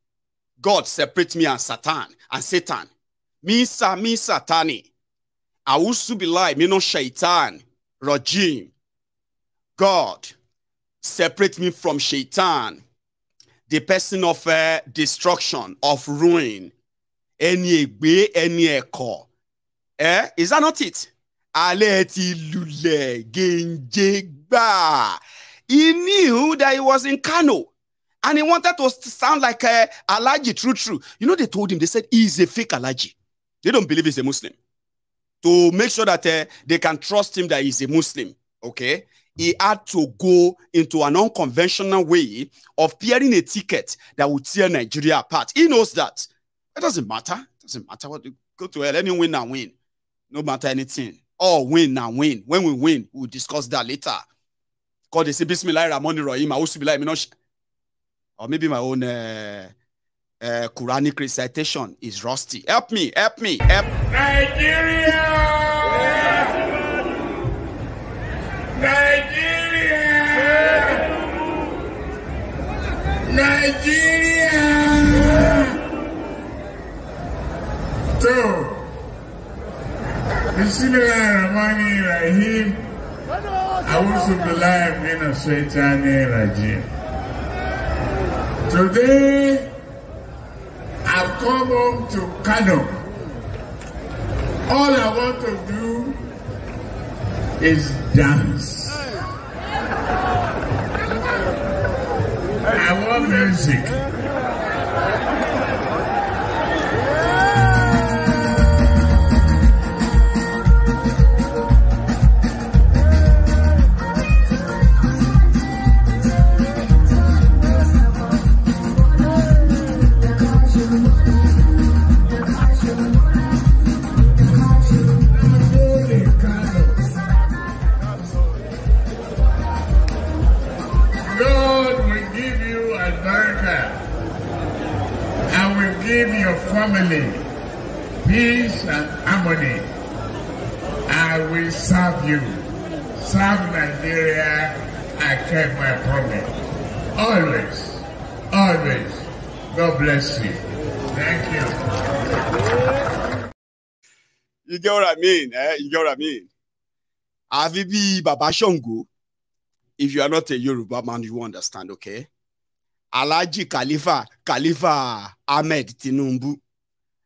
God separate me and Satan and Satan. sa, me satani. like, me not shaitan rajim. God separate me from shaitan. The person of uh, destruction, of ruin. Any be any echo. Eh? Is that not it? lulẹ̀ He knew that he was in Kano and he wanted to sound like a eh, Alaji true true. You know, they told him, they said, he's a fake Alaji. They don't believe he's a Muslim. To make sure that uh, they can trust him that he's a Muslim, okay? He had to go into an unconventional way of peering a ticket that would tear Nigeria apart. He knows that. It doesn't matter. It doesn't matter what you go to hell. Anyone win and win. no matter anything. All win now, win. When we win, we'll discuss that later. Because they say, Bismillah, Ramon, Rahim, I also be like, or maybe my own uh, uh, Quranic recitation is rusty. Help me, help me, help. Nigeria! Nigeria! Nigeria! Two. Bismillahirrahmanirrahim. A'udhu billahi minash shaitanir rajim. Today, I've come home to Kano. All I want to do is dance. I want music. mercy. Thank you. You get what I mean? Eh? You get what I mean? Àfi bí Baba Ṣàngó, if you are not a Yoruba man, you understand, okay? Alaji, Khalifa Khalifa Ahmed Tinumbu.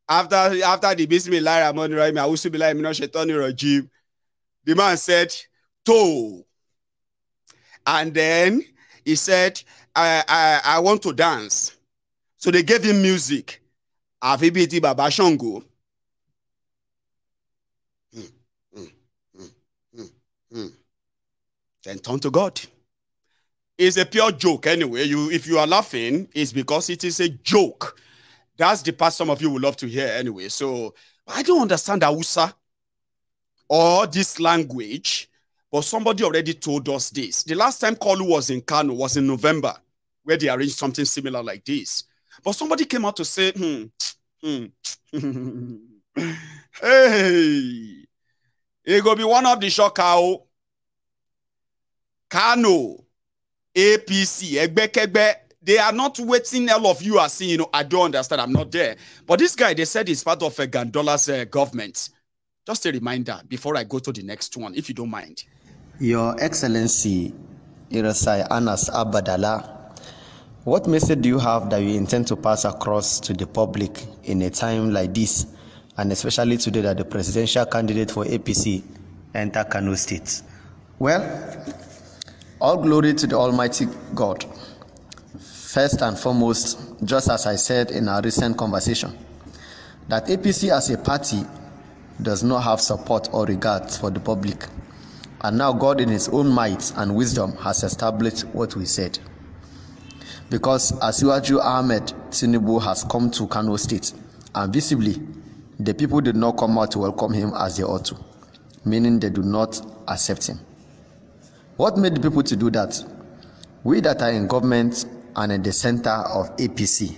After after the Bismillah Rahman Rahim, Awusubillah Imina Shetani Rajib. the man said, "To," and then he said, "I I, I want to dance." So they gave him music. Afibiti Baba Shango. Then turn to God. It's a pure joke anyway. You, if you are laughing, it's because it is a joke. That's the part some of you will love to hear anyway. So I don't understand Hausa or this language, but somebody already told us this. The last time Kalu was in Kano was in November, where they arranged something similar like this. But somebody came out to say, hmm, hmm, hmm. <laughs> hey, it will be one of the shock cow. Kano, APC, Egbekegbe, they are not waiting. All of you are seeing, you know, I don't understand. I'm not there. But this guy, they said he's part of a uh, Gandola's uh, government. Just a reminder before I go to the next one, if you don't mind. Your Excellency, Irasai Anas Abadala, What message do you have that you intend to pass across to the public in a time like this, and especially today that the presidential candidate for APC enter Kano State? Well, all glory to the Almighty God. First and foremost, just as I said in our recent conversation, that APC as a party does not have support or regard for the public. And now God, in His own might and wisdom, has established what we said because Asiwaju Ahmed Tinubu has come to Kano State, and visibly, the people did not come out to welcome him as they ought to, meaning they do not accept him. What made the people to do that? We that are in government and in the center of APC,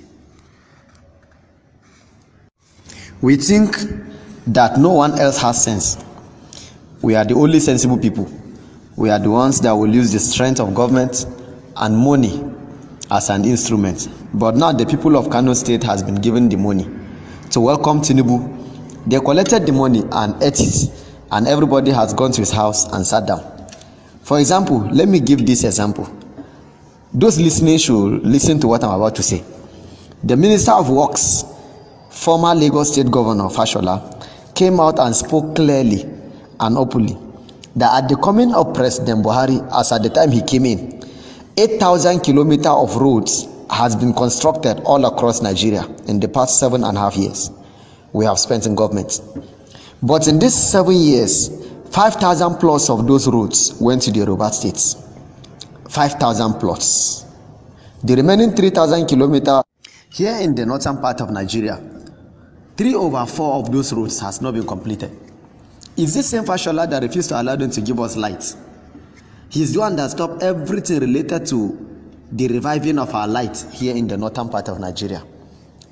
we think that no one else has sense. We are the only sensible people. We are the ones that will use the strength of government and money as an instrument. But now the people of Kano State has been given the money to welcome Tinubu. They collected the money and ate it, and everybody has gone to his house and sat down. For example, let me give this example. Those listening should listen to what I'm about to say. The Minister of Works, former Lagos State Governor Fashola, came out and spoke clearly and openly that at the coming of President Buhari, as at the time he came in, 8,000 kilometers of roads has been constructed all across Nigeria in the past seven and a half years we have spent in government. But in these seven years, 5,000 plus of those roads went to the Yoruba states. 5,000 plus. The remaining 3,000 kilometers here in the northern part of Nigeria, three over four of those roads has not been completed. Is this same Fashola that refused to allow them to give us lights? He's the one that stopped everything related to the reviving of our light here in the northern part of Nigeria.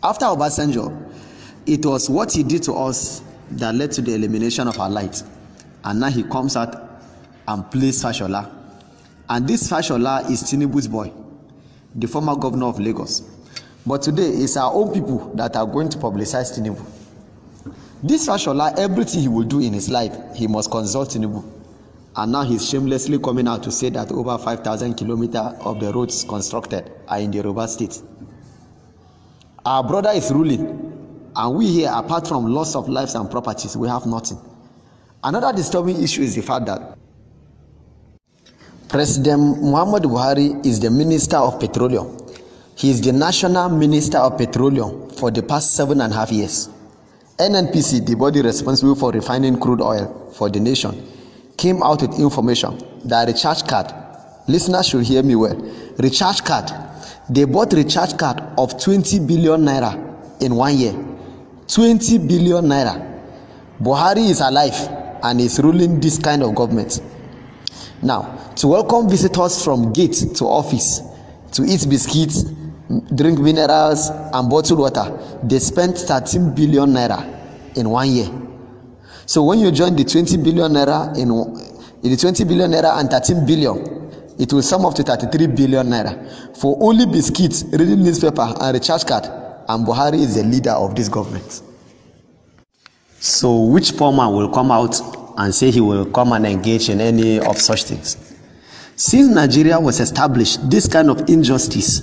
After Obasanjo, it was what he did to us that led to the elimination of our light. And now he comes out and plays Fashola. And this Fashola is Tinubu's boy, the former governor of Lagos. But today, it's our own people that are going to publicize Tinubu. This Fashola, everything he will do in his life, he must consult Tinubu and now he's shamelessly coming out to say that over 5,000 kilometers of the roads constructed are in the Yoruba state. Our brother is ruling, and we here, apart from loss of lives and properties, we have nothing. Another disturbing issue is the fact that President Muhammad Buhari is the Minister of Petroleum. He is the National Minister of Petroleum for the past seven and a half years. NNPC, the body responsible for refining crude oil for the nation, came out with information that recharge card listeners should hear me well recharge card they bought recharge card of twenty billion naira in one year Twenty billion naira buhari is alive and is ruling this kind of government now to welcome visitors from gate to office to eat biscuits drink minerals and bottled water they spent thirteen billion naira in one year So when you join the 20 billion naira in, in the 20 billion naira and 13 billion, it will sum up to 33 billion naira for only biscuits, reading newspaper, and recharge card. And Buhari is the leader of this government. So which poor man will come out and say he will come and engage in any of such things? Since Nigeria was established, this kind of injustice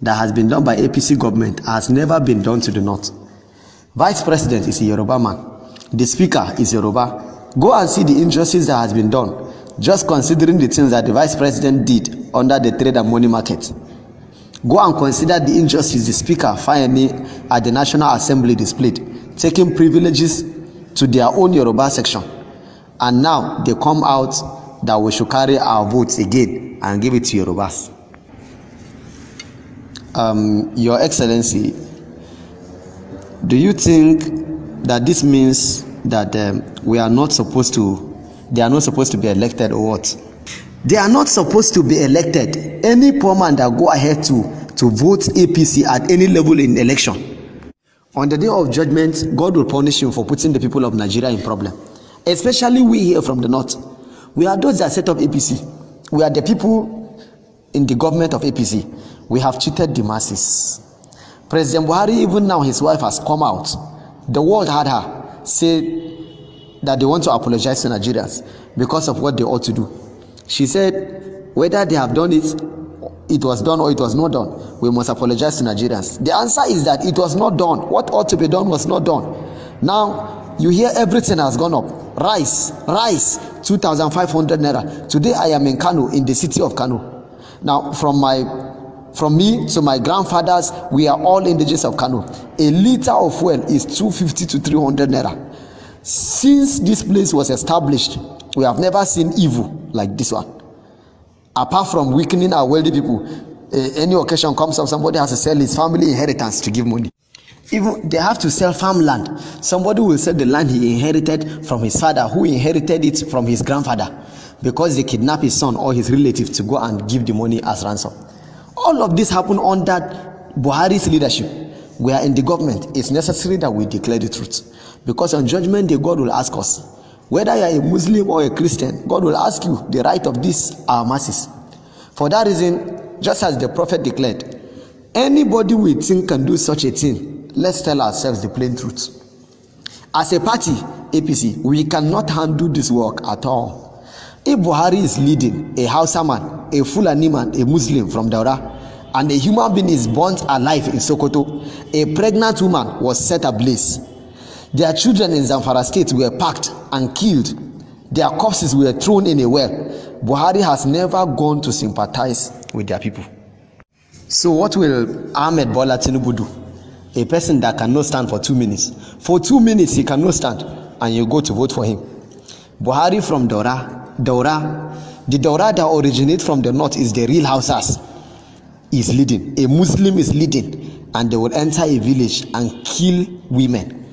that has been done by APC government has never been done to the North. Vice President is a Yoruba man the speaker is Yoruba. Go and see the injustice that has been done, just considering the things that the vice president did under the trade and money market. Go and consider the injustice the speaker finally at the National Assembly displayed, taking privileges to their own Yoruba section. And now they come out that we should carry our votes again and give it to Yorubas. Um, Your Excellency, do you think that this means that um, we are not supposed to, they are not supposed to be elected or what? They are not supposed to be elected. Any poor man that go ahead to, to vote APC at any level in election, on the day of judgment, God will punish him for putting the people of Nigeria in problem. Especially we here from the north. We are those that set up APC. We are the people in the government of APC. We have cheated the masses. President Buhari, even now, his wife has come out The world had her say that they want to apologize to Nigerians because of what they ought to do. She said, whether they have done it, it was done or it was not done, we must apologize to Nigerians. The answer is that it was not done. What ought to be done was not done. Now, you hear everything has gone up. Rice, rice, hundred naira. Today I am in Kano, in the city of Kano. Now, from my From me to my grandfathers, we are all indigenous of Kano. A liter of fuel is 250 to 300 naira. Since this place was established, we have never seen evil like this one. Apart from weakening our wealthy people, uh, any occasion comes up, somebody has to sell his family inheritance to give money. Even they have to sell farmland. Somebody will sell the land he inherited from his father, who inherited it from his grandfather, because they kidnap his son or his relative to go and give the money as ransom. All of this happened under Buhari's leadership. We are in the government. It's necessary that we declare the truth. Because on judgment day, God will ask us. Whether you are a Muslim or a Christian, God will ask you the right of these our masses. For that reason, just as the prophet declared, anybody we think can do such a thing, let's tell ourselves the plain truth. As a party, APC, we cannot handle this work at all If Buhari is leading a Hausa man, a Fulani man, a Muslim from Daura, and a human being is burnt alive in Sokoto, a pregnant woman was set ablaze. Their children in Zamfara state were packed and killed. Their corpses were thrown in a well. Buhari has never gone to sympathize with their people. So, what will Ahmed Bola Tinubu do? A person that cannot stand for two minutes. For two minutes, he cannot stand, and you go to vote for him. Buhari from Daura. Daura. The Daura that originates from the north is the real houses. is leading. A Muslim is leading, and they will enter a village and kill women.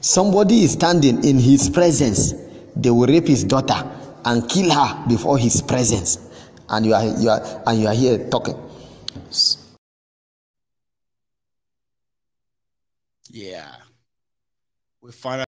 Somebody is standing in his presence, they will rape his daughter and kill her before his presence. And you are, you are, and you are here talking. Yeah. We find